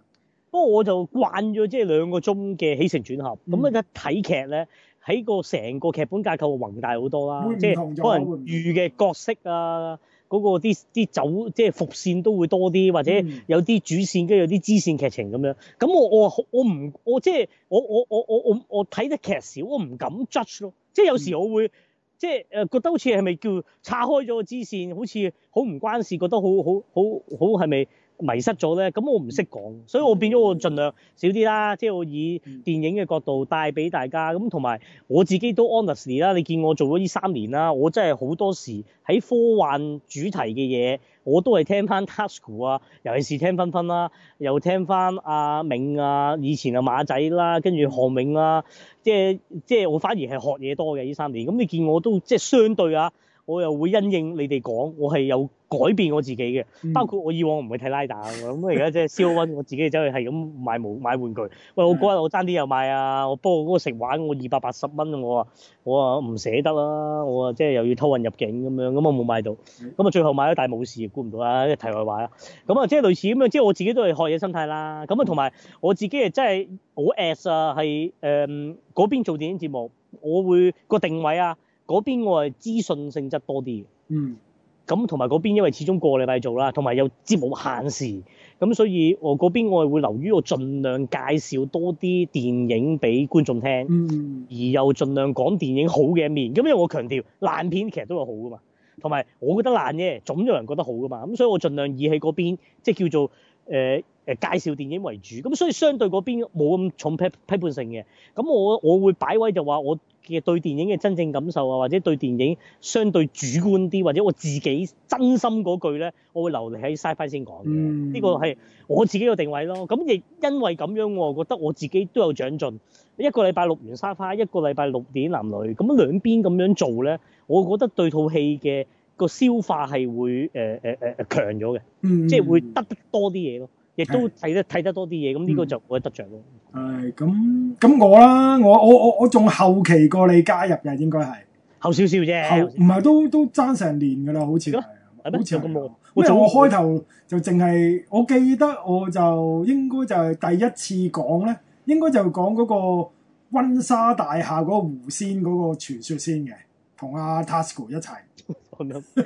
Speaker 5: 不過我就慣咗即係兩個鐘嘅起承轉合，咁咧睇劇咧。喺個成個劇本架構宏大好多啦，即係可能遇嘅角色啊，嗰個啲啲走即係伏線都會多啲，或者有啲主線跟住有啲支線劇情咁樣。咁我我我唔我即係我我我我我我睇得劇少，我唔敢 judge 咯。即係有時我會即係誒覺得好似係咪叫岔開咗個支線，好似好唔關事，覺得好好好好係咪？迷失咗咧，咁我唔識講，所以我變咗我盡量少啲啦，即係我以電影嘅角度帶俾大家，咁同埋我自己都 honestly 啦。你見我做咗呢三年啦，我真係好多時喺科幻主題嘅嘢，我都係聽翻 Tasuku 啊，尤其是聽分分啦，又聽翻阿銘啊，以前啊馬仔啦，跟住何銘啦，即係即係我反而係學嘢多嘅呢三年。咁你見我都即係相對啊，我又會因應你哋講，我係有。改變我自己嘅，包括我以往唔會睇拉打，咁啊而家即係燒温，我自己走去係咁買模買玩具。 喂，我嗰日我爭啲又買啊，我不過嗰個食玩我二百八十蚊啊，我啊，我啊，唔捨得啦，我啊，即係又要偷運入境咁樣，咁我冇買到。咁啊最後買咗大冇事，估唔到啊，題外話啦。咁啊即係類似咁樣，即係我自己都係學嘢心態啦。咁啊同埋我自己係真係好 s 啊，係誒嗰邊做電影節目，我會個定位啊，嗰邊我係資訊性質多啲嗯。 咁同埋嗰邊，因為始終個禮拜做啦，同埋又節目限時，咁所以我嗰邊我係會留於我盡量介紹多啲電影俾觀眾聽，而又盡量講電影好嘅一面。咁因為我強調爛片其實都有好噶嘛，同埋我覺得爛啫，總有人覺得好噶嘛，咁所以我盡量以喺嗰邊即叫做、呃、介紹電影為主。咁所以相對嗰邊冇咁重批批判性嘅。咁我我會擺位就話我嘅對電影嘅真正感受啊，或者對電影相對主觀啲，或者我自己真心嗰句咧，我會留嚟喺沙花先講。嗯，
Speaker 3: 呢個係
Speaker 5: 我自己嘅定位咯。咁亦因為咁樣，我覺得我自己都有長進。一個禮拜錄完沙花，一個禮拜錄啲男女，咁兩邊咁樣做咧，我覺得對套戲嘅個消化係會誒誒誒誒強咗嘅，即係會得多啲嘢咯。亦都睇得睇得多啲嘢，咁呢個就得得我得着咯。
Speaker 4: 係咁咁我啦，我我我我仲後期過你加入嘅，應該係後少少啫。唔係都都爭成年噶啦，好似，好似咁耐。因為我開頭就淨係，我記得我就應該就係第一次講咧，應該就講嗰個温莎大廈嗰個狐仙嗰個傳說先嘅，同阿 Tasuku 一齊。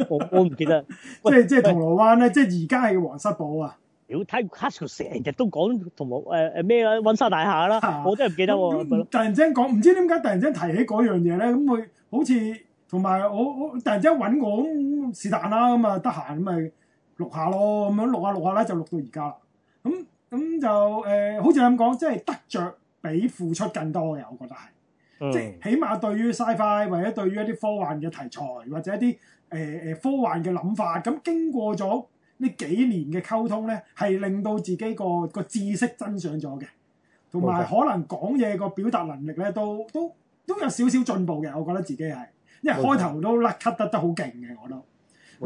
Speaker 4: 我我唔記得， 即係即係銅鑼灣咧， 即係而家係皇室堡啊！
Speaker 5: 屌，睇 castle 成日都講同埋誒誒咩啦，温、呃、莎大廈啦、啊，我都唔記得喎、嗯。
Speaker 4: 突然之間講，唔知點解突然之間提起嗰樣嘢咧，咁佢好似同埋我我突然之間揾我咁是但啦，咁啊得閒咁咪錄下咯，咁樣錄下錄下咧就錄到而家啦。咁咁就誒、呃，好似咁講，即係得着比付出更多嘅，我覺得係，即、嗯、係起碼對於 Sci-fi 或者對於一啲科幻嘅題材或者一啲誒誒科幻嘅諗法，咁經過咗。呢幾年嘅溝通呢，係令到自己個個知識增長咗嘅，
Speaker 2: 同埋可
Speaker 4: 能講嘢個表達能力呢，都都都有少少進步嘅。我覺得自己係，因為開頭都甩咳得得好勁嘅，我都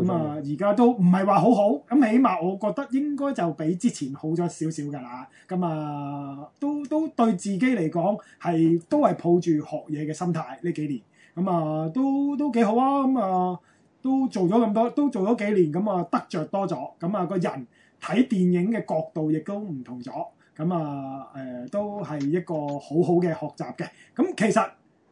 Speaker 4: 咁、嗯、啊，而家都唔係話好好，咁起碼我覺得應該就比之前好咗少少㗎啦。咁、嗯、啊，都都對自己嚟講係都係抱住學嘢嘅心態呢幾年，咁、嗯、啊都都幾好啊，咁、嗯、啊～都做咗咁多，都做咗幾年，咁啊得着多咗，咁啊個人睇電影嘅角度亦都唔同咗，咁啊誒都係一個好好嘅學習嘅。咁其實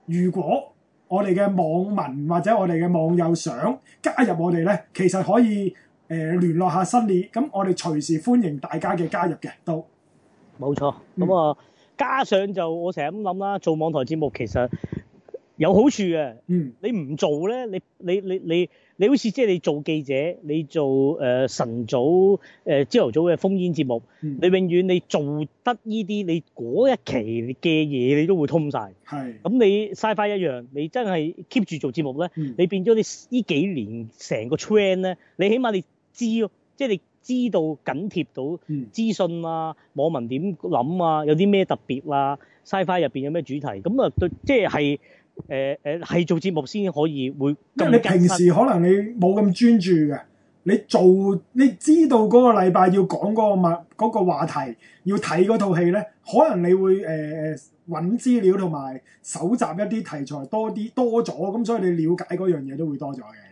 Speaker 4: 如果我哋嘅網民或者我哋嘅網友想加入我哋咧，其實可以誒聯絡下 Sunny，咁我哋隨時歡迎大家嘅加入嘅都。冇錯，
Speaker 5: 咁、嗯、啊加上就我成日咁諗啦，做網台節目其實。有好處嘅、嗯，你唔做咧，你你你你你，你好似即係你做記者，你做誒晨、呃呃、早誒朝頭早嘅烽煙節目、嗯，你永遠你做得依啲，你嗰一期嘅嘢你都會通晒。咁你 Sci-fi 一樣，你真係 keep 住做節目咧、嗯，你變咗你呢幾年成個 trend 咧，你起碼你知道，即、就、係、是、你知道緊貼到資訊啊，嗯、網民點諗啊，有啲咩特別啊，Sci-fi 入面有咩主題，咁啊對，即係。就是誒、呃、誒，係、呃、做節目先可以會咁，你平時可
Speaker 4: 能你冇咁專注嘅，你做你知道嗰個禮拜要講嗰個物個話題，要睇嗰套戲咧，可能你會誒誒搵資料同埋搜集一啲題材多啲多咗，咁所以你了解嗰樣嘢都會多咗嘅。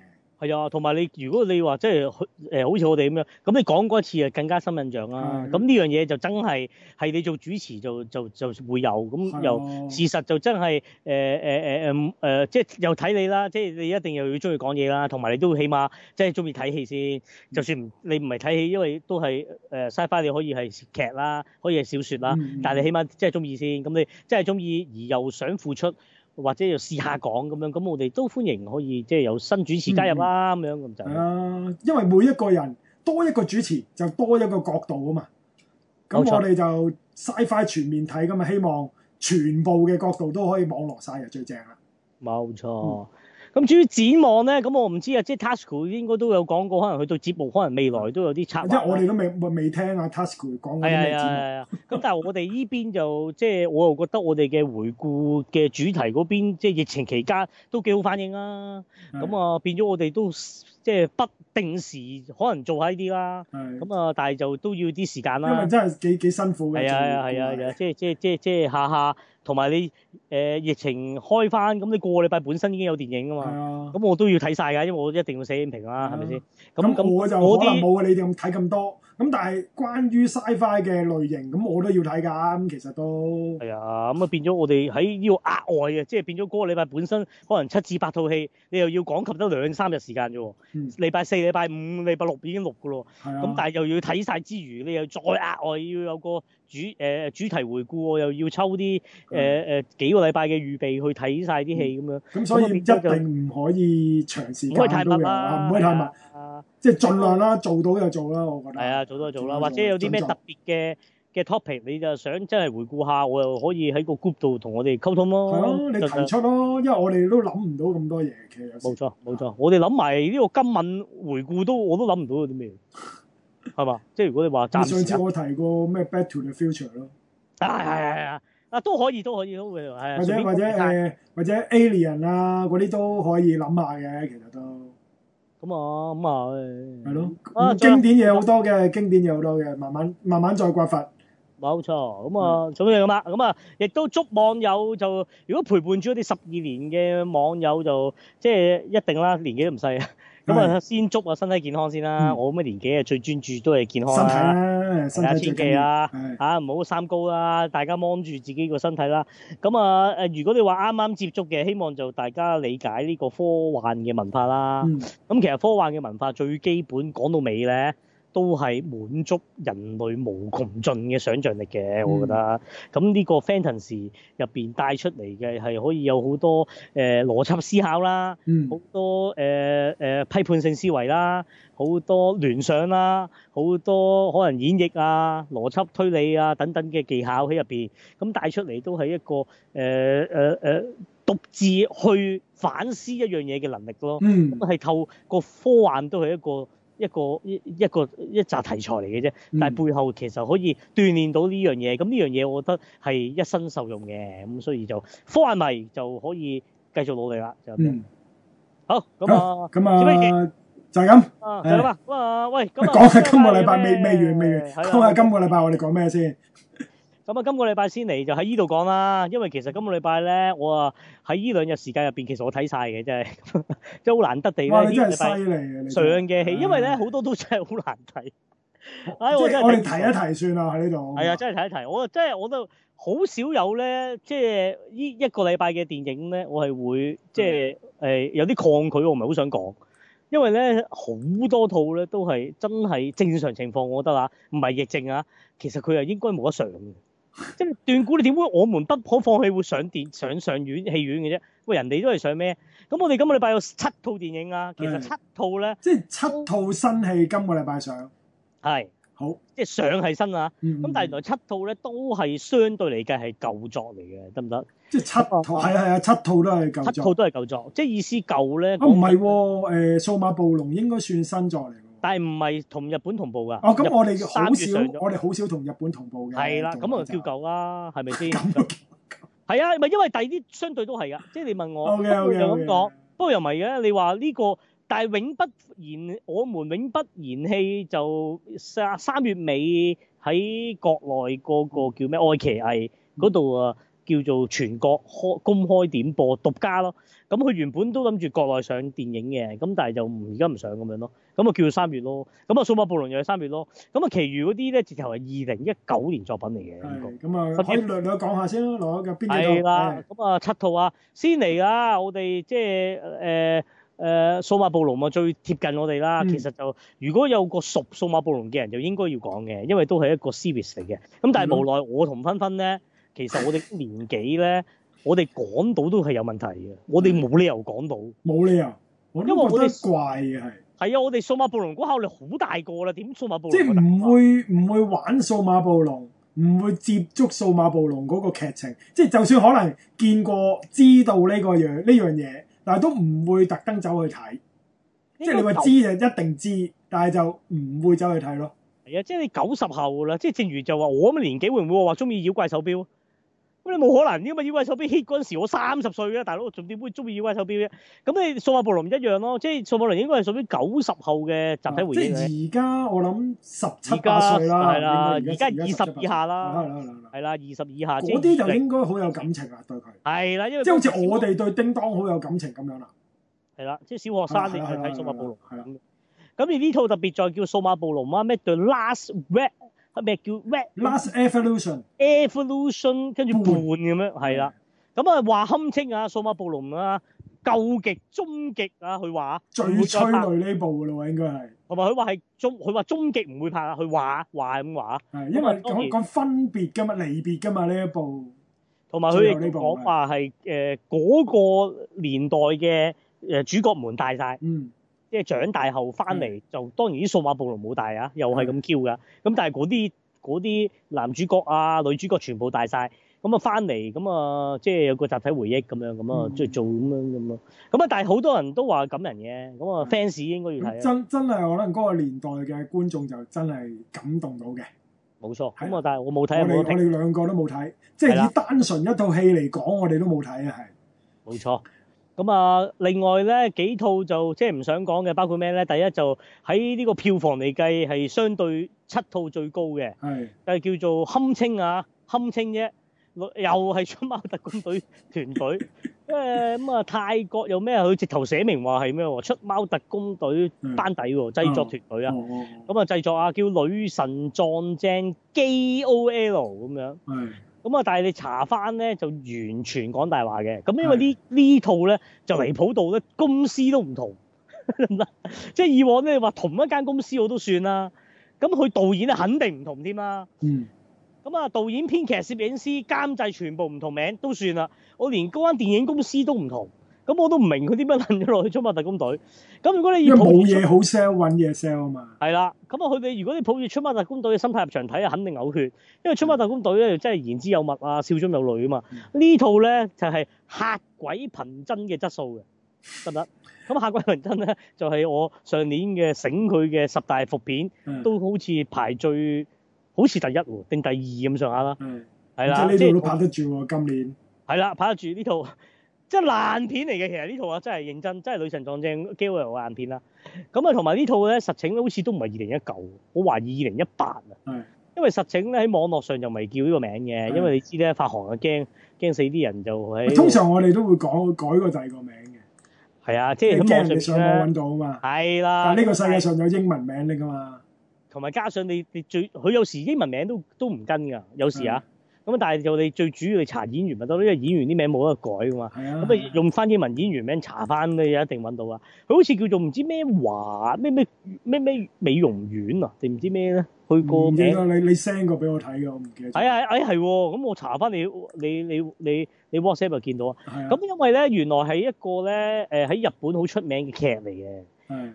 Speaker 5: 係啊，同埋你如果你話即係去誒，好似我哋咁樣，咁你講嗰一次啊，更加深印象啦。咁呢樣嘢就真係係你做主持就就就會有咁，又事實就真係誒誒誒誒誒，即係又睇你啦，即係你一定又要中意講嘢啦，同埋你都起碼即係中意睇戲先。就算唔你唔係睇戲，因為都係誒，嘥花你可以係劇啦，可以係小説啦，但係你起碼即係中意先。咁你即係中意而又想付出。或者要試下講咁樣，咁我哋都歡迎可以即係有新主持加入啦咁、
Speaker 4: 嗯、樣咁就係啦，因為每一個人多一個主持就多一個角度啊嘛，咁我哋就 Sci-fi 全面睇咁啊，希望全部嘅角度都可以網羅晒，就最正啦，
Speaker 5: 冇錯。嗯
Speaker 4: 咁至於展望咧，咁我唔
Speaker 5: 知啊，即 Tasuku 應該都有講過，可能去到節目，可能未來都有啲策略。即、就是、我哋
Speaker 4: 都未未聽啊，Tasuku 講緊咩展望？
Speaker 5: 咁 但係我哋呢邊就即我又覺得我哋嘅回顧嘅主題嗰邊，即疫情期間都幾好反應啦、啊。咁啊，變咗我哋都。即係不定時，可能做下呢啲啦，咁啊，但係就都要啲時間啦。因為真係
Speaker 4: 幾幾辛苦嘅。係啊係啊係啊，即係即
Speaker 5: 係即係即係下下，同埋你誒、呃、疫情開翻，咁你個禮拜本身已經有電影㗎嘛，咁、啊、我都要睇晒㗎，因為我一定要寫影評啦，係咪先？咁我就可能冇
Speaker 4: 你哋咁睇咁多。咁但係關於 Sci-Fi 嘅類型，咁我都要睇㗎。咁其實都係啊，咁啊變咗我哋
Speaker 5: 喺要額外嘅，即、就、係、是、變咗嗰個禮拜本身可能七至八套戲，你又要講及得兩三日時間啫喎。嗯、禮拜四、禮拜五、禮拜六已經錄㗎咯。咁、啊、但係又要睇晒之餘，你又再額外要有個。主、呃、主題回顧，我又要抽啲誒、呃、幾個禮拜嘅預備去睇晒啲戲咁、嗯、樣。咁所以一定
Speaker 4: 唔可以長時間，唔可以太密啦，唔可以太密、啊，即係盡量啦，做到就做啦，我覺得。係
Speaker 5: 啊，做到就做啦，或者有啲咩特別嘅嘅 topic，你就想真係回顧下，我又可以喺個 group 度同我哋溝通咯。係咯、啊，你提
Speaker 4: 出咯，因為我哋都諗唔到咁多嘢，其實冇錯
Speaker 5: 冇錯，我哋諗埋呢個今日回顧都我都諗唔到有啲咩。係嘛？即係如果你話，就上次我
Speaker 4: 提過咩 Back to the Future 咯。啊，係啊
Speaker 5: 係啊，啊都可以，都可以，都會，係啊。或者或者
Speaker 4: 誒，或者 Alien 啊嗰啲都可以諗下嘅，其實
Speaker 5: 都。咁啊，咁啊，係咯。經典嘢好多
Speaker 4: 嘅，經典嘢好多嘅，慢慢慢慢再掘發。
Speaker 5: 冇錯，咁啊，咁樣咁啊，咁啊，亦都祝網友就，如果陪伴住我哋十二年嘅網友就，即係一定啦，年紀都唔細。咁啊，先祝啊身體健康先啦。嗯、我咁嘅年紀啊，最專注都係健康啦。
Speaker 4: 身體啦、啊，大家千祈啦
Speaker 5: 唔好三高啦。大家望住自己個身體啦。咁啊如果你話啱啱接觸嘅，希望就大家理解呢個科幻嘅文化啦。咁、嗯、其實科幻嘅文化最基本講到尾咧，都係滿足人類無窮盡嘅想像力嘅。我覺得咁呢、嗯、個 fantasy 入面帶出嚟嘅係可以有好多誒、呃、邏輯思考啦，好、嗯、多誒。呃批判性思維啦，好多聯想啦，好多可能演繹啊、邏輯推理啊等等嘅技巧喺入邊，咁帶出嚟都係一個誒誒誒獨自去反思一樣嘢嘅能力咯。嗯，咁係透過科幻都係一個一個一一個一集題材嚟嘅啫，但係背後其實可以鍛鍊到呢樣嘢。咁呢樣嘢我覺得係一生受用嘅。咁所以就科幻迷就可以繼續努力啦。就嗯。好咁咁啊，就是，啊，就係、
Speaker 4: 是、咁啊，咁
Speaker 5: 啊喂，咁講、啊、下今個禮拜咩咩嘢咩嘢，
Speaker 4: 講下今個禮拜我哋講咩
Speaker 5: 先？咁啊，今個禮拜先嚟就喺呢度講啦。因為其實今個禮拜咧，我啊喺呢兩日時間入邊，其實我睇晒嘅，真係真係好難得地咧。真係犀利嘅上嘅戲，因為咧好、啊、多都真係好難睇。唉，我真係我哋提一提
Speaker 4: 算啦喺呢度。係啊，真係
Speaker 5: 提一提。我真係我都好少有咧，即係呢一個禮拜嘅電影咧，我係會即係。誒有啲抗拒，我唔係好想講，因為咧好多套咧都係真係正常情況，我覺得啊，唔係疫症啊，其實佢係應該冇得上嘅，即係斷估你點會，我們不可放棄會上電上上院戲院嘅啫。喂，人哋都係上咩？咁我哋今個禮拜有七套電影啊，其實七
Speaker 4: 套咧， 即係七套新戲今個禮拜上。
Speaker 5: 係。好，即係上係新啊，咁、嗯、但係原來七套咧都係相對嚟計係舊作嚟嘅，得唔得？
Speaker 4: 即係七套，係啊係啊，七套都係舊作，七套都係舊作，即係意思舊咧。唔、哦、係，誒，數、呃、碼暴龍應該算新作嚟。但係唔係
Speaker 5: 同日本同步
Speaker 4: 噶。哦，咁我哋好少，我哋好少同日本同步嘅。係啦，
Speaker 5: 咁我叫舊啦，係咪先？係 啊，咪因為第二啲相對都係噶，即係你問我，就咁講。Okay, okay, okay. 不過又唔係嘅，你話呢、這個？但係永不言，我們永不言棄。就三三月尾喺國內嗰個叫咩愛奇藝嗰度啊，叫做全國開公開點播，獨家咯。咁佢原本都諗住國內上電影嘅，咁但係就而家唔上咁樣咯。咁啊，叫做三月咯。咁啊，數碼暴龍又係三月咯。咁啊，其餘嗰啲咧，直頭係二零一九年作品嚟嘅，應
Speaker 4: 該。咁啊，略略講下先啦，嗱，邊？係啦，
Speaker 5: 咁啊，七套啊，先嚟啊。我哋即係誒。呃誒、呃、數碼暴龍我最貼近我哋啦、嗯。其實就如果有個熟數碼暴龍嘅人，就應該要講嘅，因為都係一個 series 嚟嘅。咁但係無奈、嗯、我同芬芬咧，其實我哋年紀咧， 我哋講到都係有問題嘅。我哋冇理由講到
Speaker 4: 冇理由，因
Speaker 5: 為我，我覺得怪呀係係啊！我哋數碼暴龍嗰效率好大個啦，點數碼暴龍即係唔
Speaker 4: 會唔會玩數碼暴龍，唔會接觸數碼暴龍嗰個劇情。即係就算可能見過、知道呢、呢個樣呢樣嘢。呢個但係都唔會特登走去睇，即係你話知就一定知，但係就唔會走去睇咯。
Speaker 5: 係啊，即係你九十後啦，即係正如就話我咁嘅年紀，會唔會話中意妖怪手錶？咁你冇可能，啲乜妖怪手錶 hit 嗰陣時，我三十歲啦，大佬，仲點會中意妖怪手錶啫？咁你數碼暴龍唔一樣咯，即係數碼暴龍應該係屬於九十後嘅集體回憶嚟嘅。即係而
Speaker 4: 家我諗十七八歲啦，係啦，而家二十以下啦，
Speaker 5: 係啦，二十以下。嗰啲就應
Speaker 4: 該好有感情啊，對佢。係啦，因為即係好似我哋對叮當好有感情咁樣
Speaker 5: 啦。係啦，即係小學生你去睇數碼暴
Speaker 4: 龍，
Speaker 5: 係啦。咁而呢套特別再叫數碼暴龍啊咩？對 Last Red。咩叫 Last evolution，evolution 跟住半咁樣，係、嗯、啦。咁啊話堪稱啊，數碼暴龍啊，究極終極啊，佢話最催淚呢
Speaker 4: 部㗎咯，應該係。
Speaker 5: 同埋佢話係終，佢話終極唔會拍佢話話咁話。
Speaker 4: 係因為講講分別㗎嘛，離別㗎嘛呢一部。同埋佢講話
Speaker 5: 係誒嗰個年代嘅誒、呃、主角們大晒。嗯。即係長大後翻嚟就當然啲數碼暴龍冇大啊，又係咁嬌㗎。咁、嗯、但係嗰啲啲男主角啊、女主角全部大晒，咁啊翻嚟咁啊，即係有個集體回憶咁樣咁啊，即、嗯、係做咁樣咁咯。咁啊，但係好多人都話感人嘅。咁啊，fans 應該要睇。真
Speaker 4: 真係我覺得嗰個年代嘅觀眾就真係感動到嘅。
Speaker 5: 冇錯。咁啊，但係我冇睇。我睇你哋
Speaker 4: 兩個都冇睇。即係以單純一套戲嚟講，我哋都冇睇啊，係。
Speaker 5: 冇錯。咁啊，另外咧幾套就即係唔想講嘅，包括咩咧？第一就喺呢個票房嚟計，係相對七套最高嘅，係叫做堪稱啊，堪稱啫。又係出貓特工隊團隊，誒咁啊泰國有咩？佢直頭寫明話係咩？出貓特工隊班底喎，製作團隊啊。咁啊製作啊叫女神撞正 G O L 咁樣。咁啊！但係你查翻咧，就完全講大話嘅。咁因為呢呢套咧就離譜到咧，公司都唔同即係， 以往咧，你話同一間公司我都算啦。咁佢導演咧肯定唔同添啦。嗯。咁啊，導演、編劇、攝影師、監製全部唔同名都算啦。我連嗰間電影公司都唔同。咁我都唔明佢點解撚咗落去《出馬特工隊》。咁如果你以冇嘢好
Speaker 4: sell 揾嘢 sell 啊嘛。
Speaker 5: 係啦，咁啊，佢哋如果你抱住《出馬特工隊》嘅心態入場睇，肯定嘔血。因為《出馬特工隊呢》咧真係言之有物啊，笑中有淚啊嘛。嗯、套呢套咧就係、是、嚇鬼憑真嘅質素嘅，得唔得？咁嚇鬼憑真咧就係、是、我上年嘅醒佢嘅十大伏片，嗯、都好似排最，好似第一喎，定第二咁上下啦。係、嗯、啦，呢套都拍得
Speaker 4: 住喎、啊嗯，今年。
Speaker 5: 係啦，拍得住呢套。真爛片嚟嘅，其實呢套啊真係認真，真係女神撞正機會又爛片啦。咁啊，同埋呢套咧實情好似都唔係二零一九，我懷疑二零一八啊。係，因為實情咧喺網絡上又唔係叫呢個名嘅，因為你知咧發行啊驚驚死啲人就喺、哎。通常
Speaker 4: 我哋都會講改個第二個
Speaker 5: 名嘅，係啊，即係驚人哋上網揾到啊嘛。係啦，但係呢個世界上
Speaker 4: 有英文名㗎嘛，
Speaker 5: 同埋加上你你最佢有時英文名都都唔跟㗎，有時啊。咁但係就你最主要你查演員咪得咯，因為演員啲名冇得改噶嘛。咁啊，用翻英文演員名查翻，你一定揾到啊！佢好似叫做唔知咩華，咩咩咩咩美容院啊，定唔知咩咧？去過嘅。你你
Speaker 4: send 過俾我睇嘅，我唔記得。係啊，
Speaker 5: 誒係喎，咁我查翻你，你、啊哎啊、你你你，你，你 WhatsApp 就見到啊。咁因為咧，原來係一個咧，誒喺日本好出名嘅劇嚟嘅。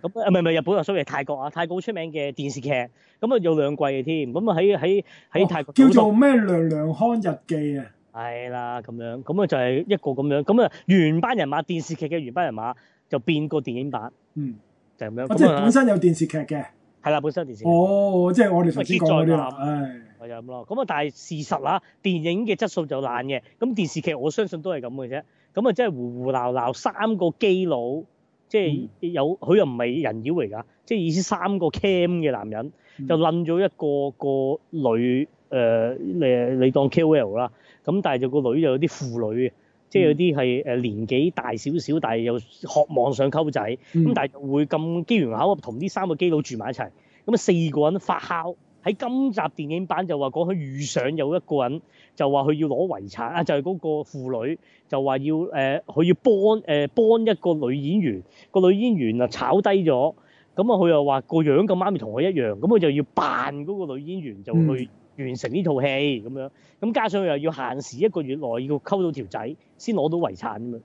Speaker 5: 咁啊，唔係係日本啊，所謂泰國啊，泰國好出名嘅電視劇，咁、嗯、啊有兩季嘅添，咁啊喺喺喺泰國、哦、叫做咩《娘
Speaker 4: 娘腔日記》
Speaker 5: 啊，係啦咁樣，咁啊就係一個咁樣，咁啊原班人馬電視劇嘅原班人馬就變個電影版，嗯，就咁樣、哦、樣，即係本身
Speaker 4: 有電視劇
Speaker 5: 嘅，係啦，本身有電視劇哦，即係我哋頭先講就咁、是、咯，咁啊但係事實啦，電影嘅質素就爛嘅，咁電視劇我相信都係咁嘅啫，咁啊即係胡胡鬧鬧三個基佬。嗯、即係有佢又唔係人妖嚟㗎，即係意思三個 cam 嘅男人、嗯、就冧咗一個一個女誒、呃、你，你當 KOL 啦。咁但係就個女就有啲婦女、嗯、即係有啲係年紀大少少，但係又渴望想溝仔咁，但係就會咁機緣巧合同呢三個基佬住埋一齊，咁啊四個人發酵，喺今集電影版就話講佢遇上有一個人。就話佢要攞遺產啊！就係、是、嗰個婦女就話要誒，佢、呃、要幫誒、呃、幫一個女演員，個女演員啊炒低咗，咁啊佢又話個樣咁媽咪同我一樣，咁佢就要扮嗰個女演員就去完成呢套戲咁、嗯、樣，咁加上佢又要限時一個月內要溝到條仔先攞到遺產咁啊，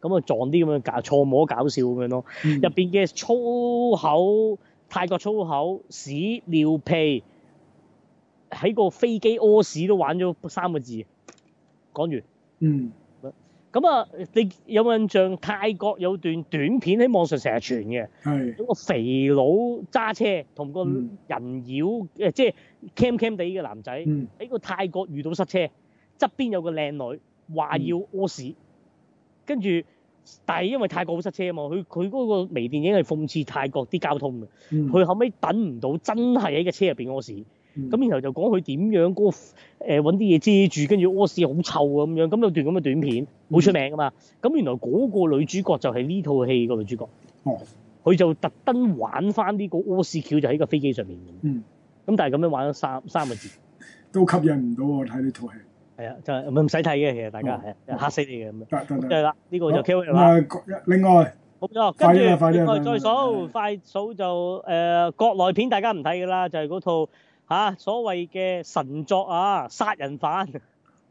Speaker 5: 咁啊撞啲咁樣搞錯摸搞笑咁樣咯，入邊嘅粗口泰國粗口屎尿屁。喺個飛機屙屎都玩咗三個字，講完。嗯。咁啊，你有冇印象泰國有段短片喺網上成日傳嘅，嗰個肥佬揸車同個人妖，誒、嗯、即係 cam cam 地嘅男仔。喺、嗯、個泰國遇到塞車，側邊有個靚女話要屙屎，跟、嗯、住但係因為泰國好塞車啊嘛，佢佢嗰個微電影係諷刺泰國啲交通嘅。佢、嗯、後尾等唔到真的在車，真係喺架車入邊屙屎。咁、嗯、然後就講佢點樣嗰個誒揾啲嘢遮住，跟住屙屎好臭啊咁樣，咁有段咁嘅短片，冇出名啊嘛。咁、嗯、原來嗰個女主角就係呢套戲個女主角。哦，佢就特登玩翻呢個屙屎橋，就喺個飛機上面。嗯，咁但係咁樣玩咗三三個字
Speaker 4: 都吸引唔到我睇呢套戲。係啊，
Speaker 5: 就係唔使睇嘅，其實大家嚇、哦、死你嘅咁。得得啦，呢、嗯這個就 Q 啦。另外，好啦，跟住另外再數快數就誒、呃、國內片，大家唔睇噶啦，就係嗰套。嚇、啊，所謂嘅神作啊，殺人犯，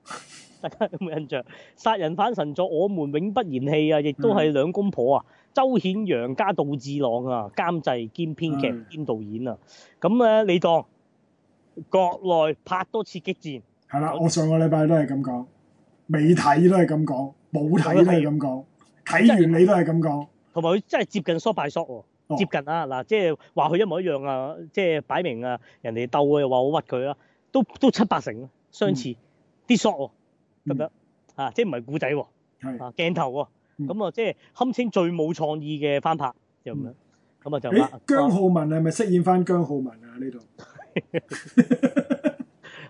Speaker 5: 大家有冇印象？殺人犯神作，我們永不言棄啊！亦都係兩公婆啊，嗯、周顯揚加、杜致朗啊，監製兼編劇兼導演啊。咁、嗯、咧，你當國內拍多次激戰？
Speaker 4: 係啦，我上個禮拜都係咁講，未睇都係咁講，冇睇都係咁講，
Speaker 5: 睇完，完你都係咁講，同埋佢真係接近 so bad so 接近啊嗱、哦，即係話佢一模一樣啊，即係擺明啊人哋鬥，又話我屈佢啊，都都七八成相似，啲 shot 咁樣啊，即係唔係古仔喎，啊鏡頭喎，咁、嗯、啊即係堪稱最冇創意嘅翻拍，又、嗯、咁樣，咁啊、欸、就啊
Speaker 4: 姜浩文係咪飾演翻姜浩文啊呢度？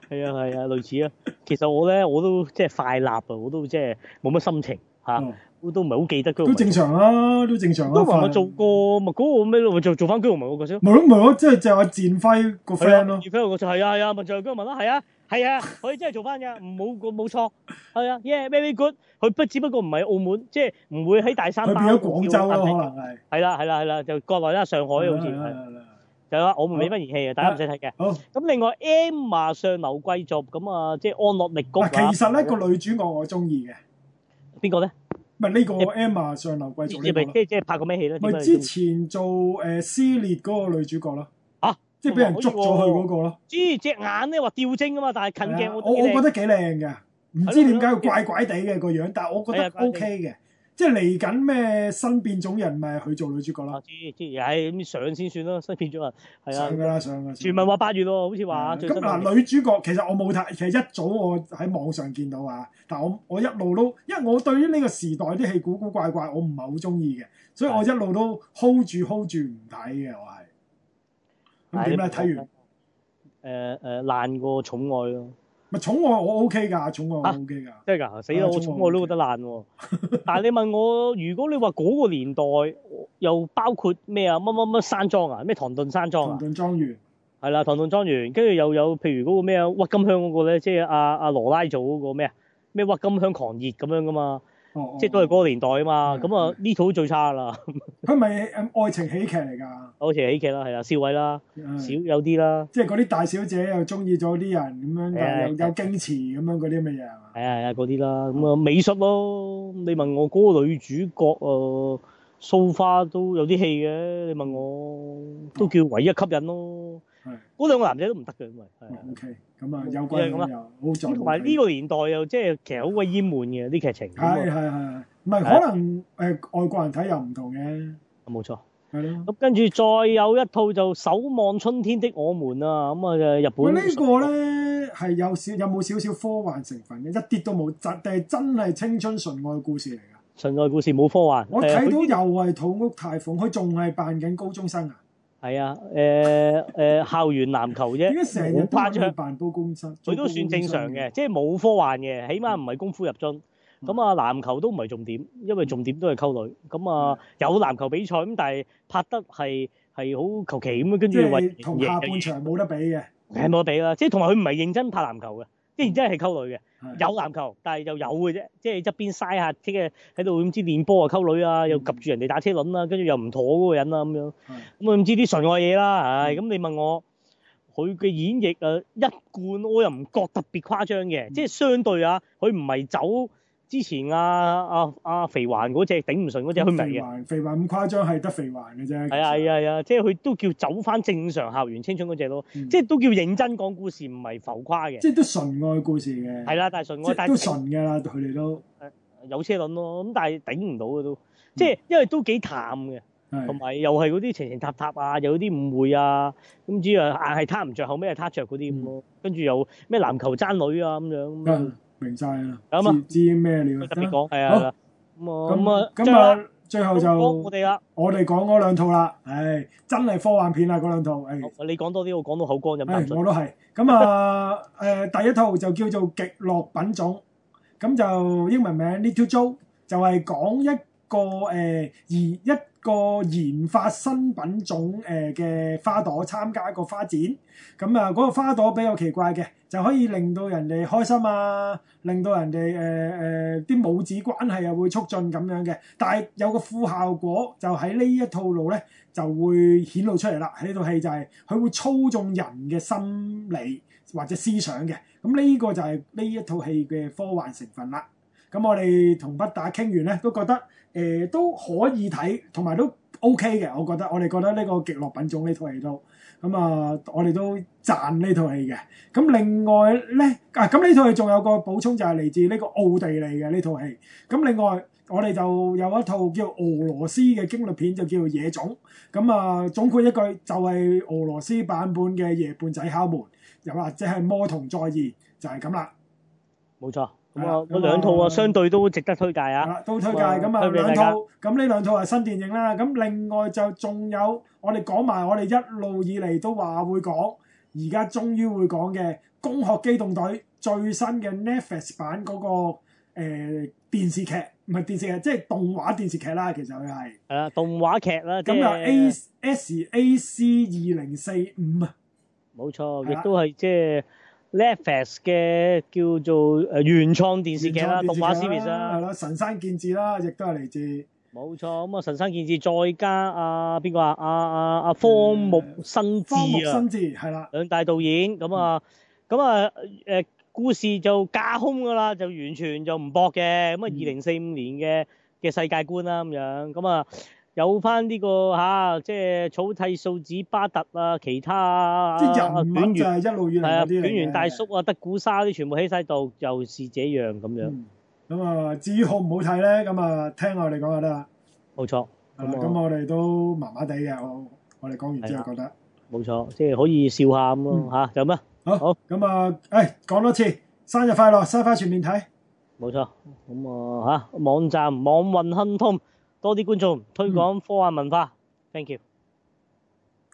Speaker 5: 係 啊係啊，類似啊，其實我咧我都即係快臘啊，我都即係冇乜心情。吓、嗯啊啊啊那個，我都唔係好記得佢。都正常
Speaker 4: 啦，都正常。我做過咪嗰個咩咯，咪做做翻居民個先。唔係咯，唔係咯，即係就是、阿戰輝個 friend
Speaker 5: 咯。戰輝個角色係啊係啊，咪就係居民咯，係啊係啊，佢、啊啊、 真係做翻嘅，冇個冇錯，係啊，yeah very good。佢不只不過唔係澳門，即係唔會喺大三巴佢變咗廣州啊，可能係。係啦係啦係啦，就國內啦，上海好似係。有啊，澳門冇乜人氣嘅，大家唔使睇嘅。好。咁另外，M 馬上流貴族咁啊，即、就、係、是、安樂力國。其實咧，啊那個女
Speaker 4: 主我我中意嘅。邊個咧？唔係呢個 Emma 上流貴族呢個即係拍
Speaker 5: 過咩戲咧？佢之
Speaker 4: 前做誒撕裂嗰個女主角咯，啊，即係俾人捉咗去嗰個咯、啊。即、哎那個、
Speaker 5: 隻，隻眼咧話吊睛啊嘛，但係近鏡我我覺得幾
Speaker 4: 靚嘅，唔知點解佢怪怪地嘅個樣，但係我覺得 OK 嘅。怪怪哋即係嚟緊咩新變種人咪去做女主角啦、
Speaker 5: 啊？知知，哎，上先算咯，新變種人，係啊，㗎啦，上啊！傳聞話八月喎，好似話咁嗱。女
Speaker 4: 主角其實我冇睇，其實一早我喺網上見到啊，但我我一路都，因為我對於呢個時代啲戲古古怪怪，我唔係好中意嘅，所以我一路都 hold 住 hold 住唔睇嘅，我係咁點咧？睇完？
Speaker 5: 誒、呃、誒，爛、呃、過寵《寵愛》咯。
Speaker 4: 寵物寵我，我 OK 㗎，寵
Speaker 5: 物我、啊、我 OK 㗎，真、啊 OK、死啦、啊！我寵我都覺、OK、得爛喎、啊。但係你問我，如果你話嗰個年代， 又包括咩啊？乜乜乜山莊啊？咩唐頓山莊啊？唐頓莊園係啦，唐頓莊園，跟住又有譬如嗰個咩、就是、啊？鬱金香嗰個咧，即係阿阿羅拉做嗰、那個咩啊？咩鬱金香狂熱咁樣㗎嘛？哦哦、即係都係嗰個年代啊嘛，咁啊呢套最差啦、嗯。
Speaker 4: 佢咪誒愛情喜劇嚟㗎？愛
Speaker 5: 情喜劇啦，係啊，少偉啦，少、嗯、有啲啦。即
Speaker 4: 係嗰啲大小姐又中意咗啲人咁樣，又又、嗯、矜持咁樣嗰啲乜嘢
Speaker 5: 係啊係啊，嗰啲啦。咁、嗯、啊，美術咯、嗯。你問我個、那個、女主角啊，蘇、呃、花、so、都有啲戲嘅。你問我都叫唯一吸引咯。嗰兩個男仔都唔得嘅，因為咁啊，O K，咁啊，有關咁啊，好在同埋呢個年代又即係其實好鬼煙悶嘅啲劇情，係係係，
Speaker 4: 唔係可能誒外國人睇又唔同嘅，冇錯，係咯，咁
Speaker 5: 跟住再有一套就守望春天的我們啊，咁啊，日本呢個
Speaker 4: 咧係有少有冇少少科幻成分嘅，一啲都冇，就定係真係青春純愛故事嚟
Speaker 5: 嘅，純愛故事冇科幻，我睇到
Speaker 4: 又係土屋太鳳，佢仲係扮緊高中生啊。
Speaker 5: 係啊，誒、呃呃、校園籃球啫，拍場扮刀
Speaker 4: 公真，佢都算正常嘅，
Speaker 5: 即係冇科幻嘅，起碼唔係功夫入樽。咁 啊籃球都唔係重點，因為重點都係溝女。咁啊 有籃球比賽咁，但係拍得係係好求其咁，跟住同下半場
Speaker 4: 冇得比嘅，係 冇得比啦。即係同埋
Speaker 5: 佢唔係認真拍籃球嘅，即然真係係溝女嘅。有籃球，但係又有嘅啫，即係側邊嘥下，即係喺度唔知練波啊，溝女啊，又及住人哋打車輪啊，跟住又唔妥嗰個人啊。咁樣，咁啊唔知啲純愛嘢啦，唉，咁你問我，佢嘅演繹啊一貫，我又唔覺得特別誇張嘅，即係相對啊，佢唔係走。之前阿阿阿肥環嗰隻頂唔順嗰隻佢明嘅，
Speaker 4: 肥環咁誇張係得肥環嘅啫。係啊
Speaker 5: 係啊，啊，即係佢都叫走返正常校園青春嗰隻咯，即係都叫認真講故事，唔係浮誇嘅、嗯。即係
Speaker 4: 都純愛故事嘅。係、嗯、啦，但係純愛，但係都純㗎啦，佢哋都
Speaker 5: 有車輪咯。咁但係頂唔到嘅都，即係因為都幾淡嘅，同、嗯、埋又係嗰啲情情塔塔啊，又有啲誤會啊，咁主要硬係撻唔着後尾係撻着嗰啲咁咯。跟住又咩籃球爭女啊咁樣。嗯。
Speaker 4: 明曬啦，知知咩料，特別講，係啊，咁啊，咁啊，最後就我哋啦，我哋講嗰兩套啦，唉，真係科幻片啦嗰兩套，誒，你講多啲，我講到好口乾。誒，我都係，咁啊，誒，第一套就叫做極樂品種，咁就英文名 Little Joe，就係講一個誒，而一，個研發新品種誒嘅花朵參加一個花展，咁啊嗰個花朵比較奇怪嘅，就可以令到人哋開心啊，令到人哋誒啲母子關係又會促進咁樣嘅。但係有個副效果，就喺呢一套路咧就會顯露出嚟啦。喺呢套戲就係、是、佢會操縱人嘅心理或者思想嘅。咁呢個就係呢一套戲嘅科幻成分啦。咁我哋同不打傾完咧，都覺得誒、呃、都可以睇，同埋都 OK 嘅。我覺得我哋覺得呢個極樂品種呢套戲都咁啊，我哋都讚呢套戲嘅。咁另外咧啊，咁呢套戲仲有個補充就係、是、嚟自呢個奧地利嘅呢套戲。咁另外我哋就有一套叫俄羅斯嘅驚慄片，就叫做《野種》。咁啊總括一句就係、是、俄羅斯版本嘅夜半仔敲門，又或者係魔童再現，就係咁啦。冇錯。咁啊，兩套啊，相
Speaker 5: 對都值得推介啊，都推介咁啊兩套，
Speaker 4: 咁呢兩套係新電影啦。咁另外就仲有我哋講埋，我哋一路以嚟都話會講，而家終於會講嘅《攻殼機動隊》最新嘅 Netflix 版嗰個誒電視劇，唔係電視劇，即係動畫電視劇啦。其實佢係
Speaker 5: 誒動畫劇啦。咁啊
Speaker 4: ，SAC 二零四五啊，
Speaker 5: 冇錯，亦都係即係。Netflix 嘅叫做誒原創電視劇啦，動畫 series 啊，係咯，《神山健治》啦，亦都係嚟自冇錯。咁啊，《神山健治》再加阿邊個啊？阿阿阿荒牧伸志啊，荒牧伸志係啦，兩大導演咁啊，咁啊誒故事就架空㗎啦，就完全就唔博嘅。咁啊，二零四五年嘅嘅世界觀啦咁樣，咁啊。有翻、這、呢個、啊、即係草薙素子巴特啊，其他啊，短
Speaker 4: 就係啊，短圓大
Speaker 5: 叔啊，德古沙啲全部起晒度，又、就是這樣咁樣。咁、
Speaker 4: 嗯、啊，至於好唔好睇咧？咁啊，聽我哋講就得啦。
Speaker 5: 冇錯，咁、啊、我哋都麻麻
Speaker 4: 地嘅。我哋講完之後覺得
Speaker 5: 冇錯，即係可以笑下咁咯就有咩？好好咁啊！
Speaker 4: 誒、哎，講多次生日快樂，Sci-fi 全面睇。
Speaker 5: 冇錯，咁啊嚇、啊，網站網運亨通。多啲觀眾推廣科幻文化，thank you。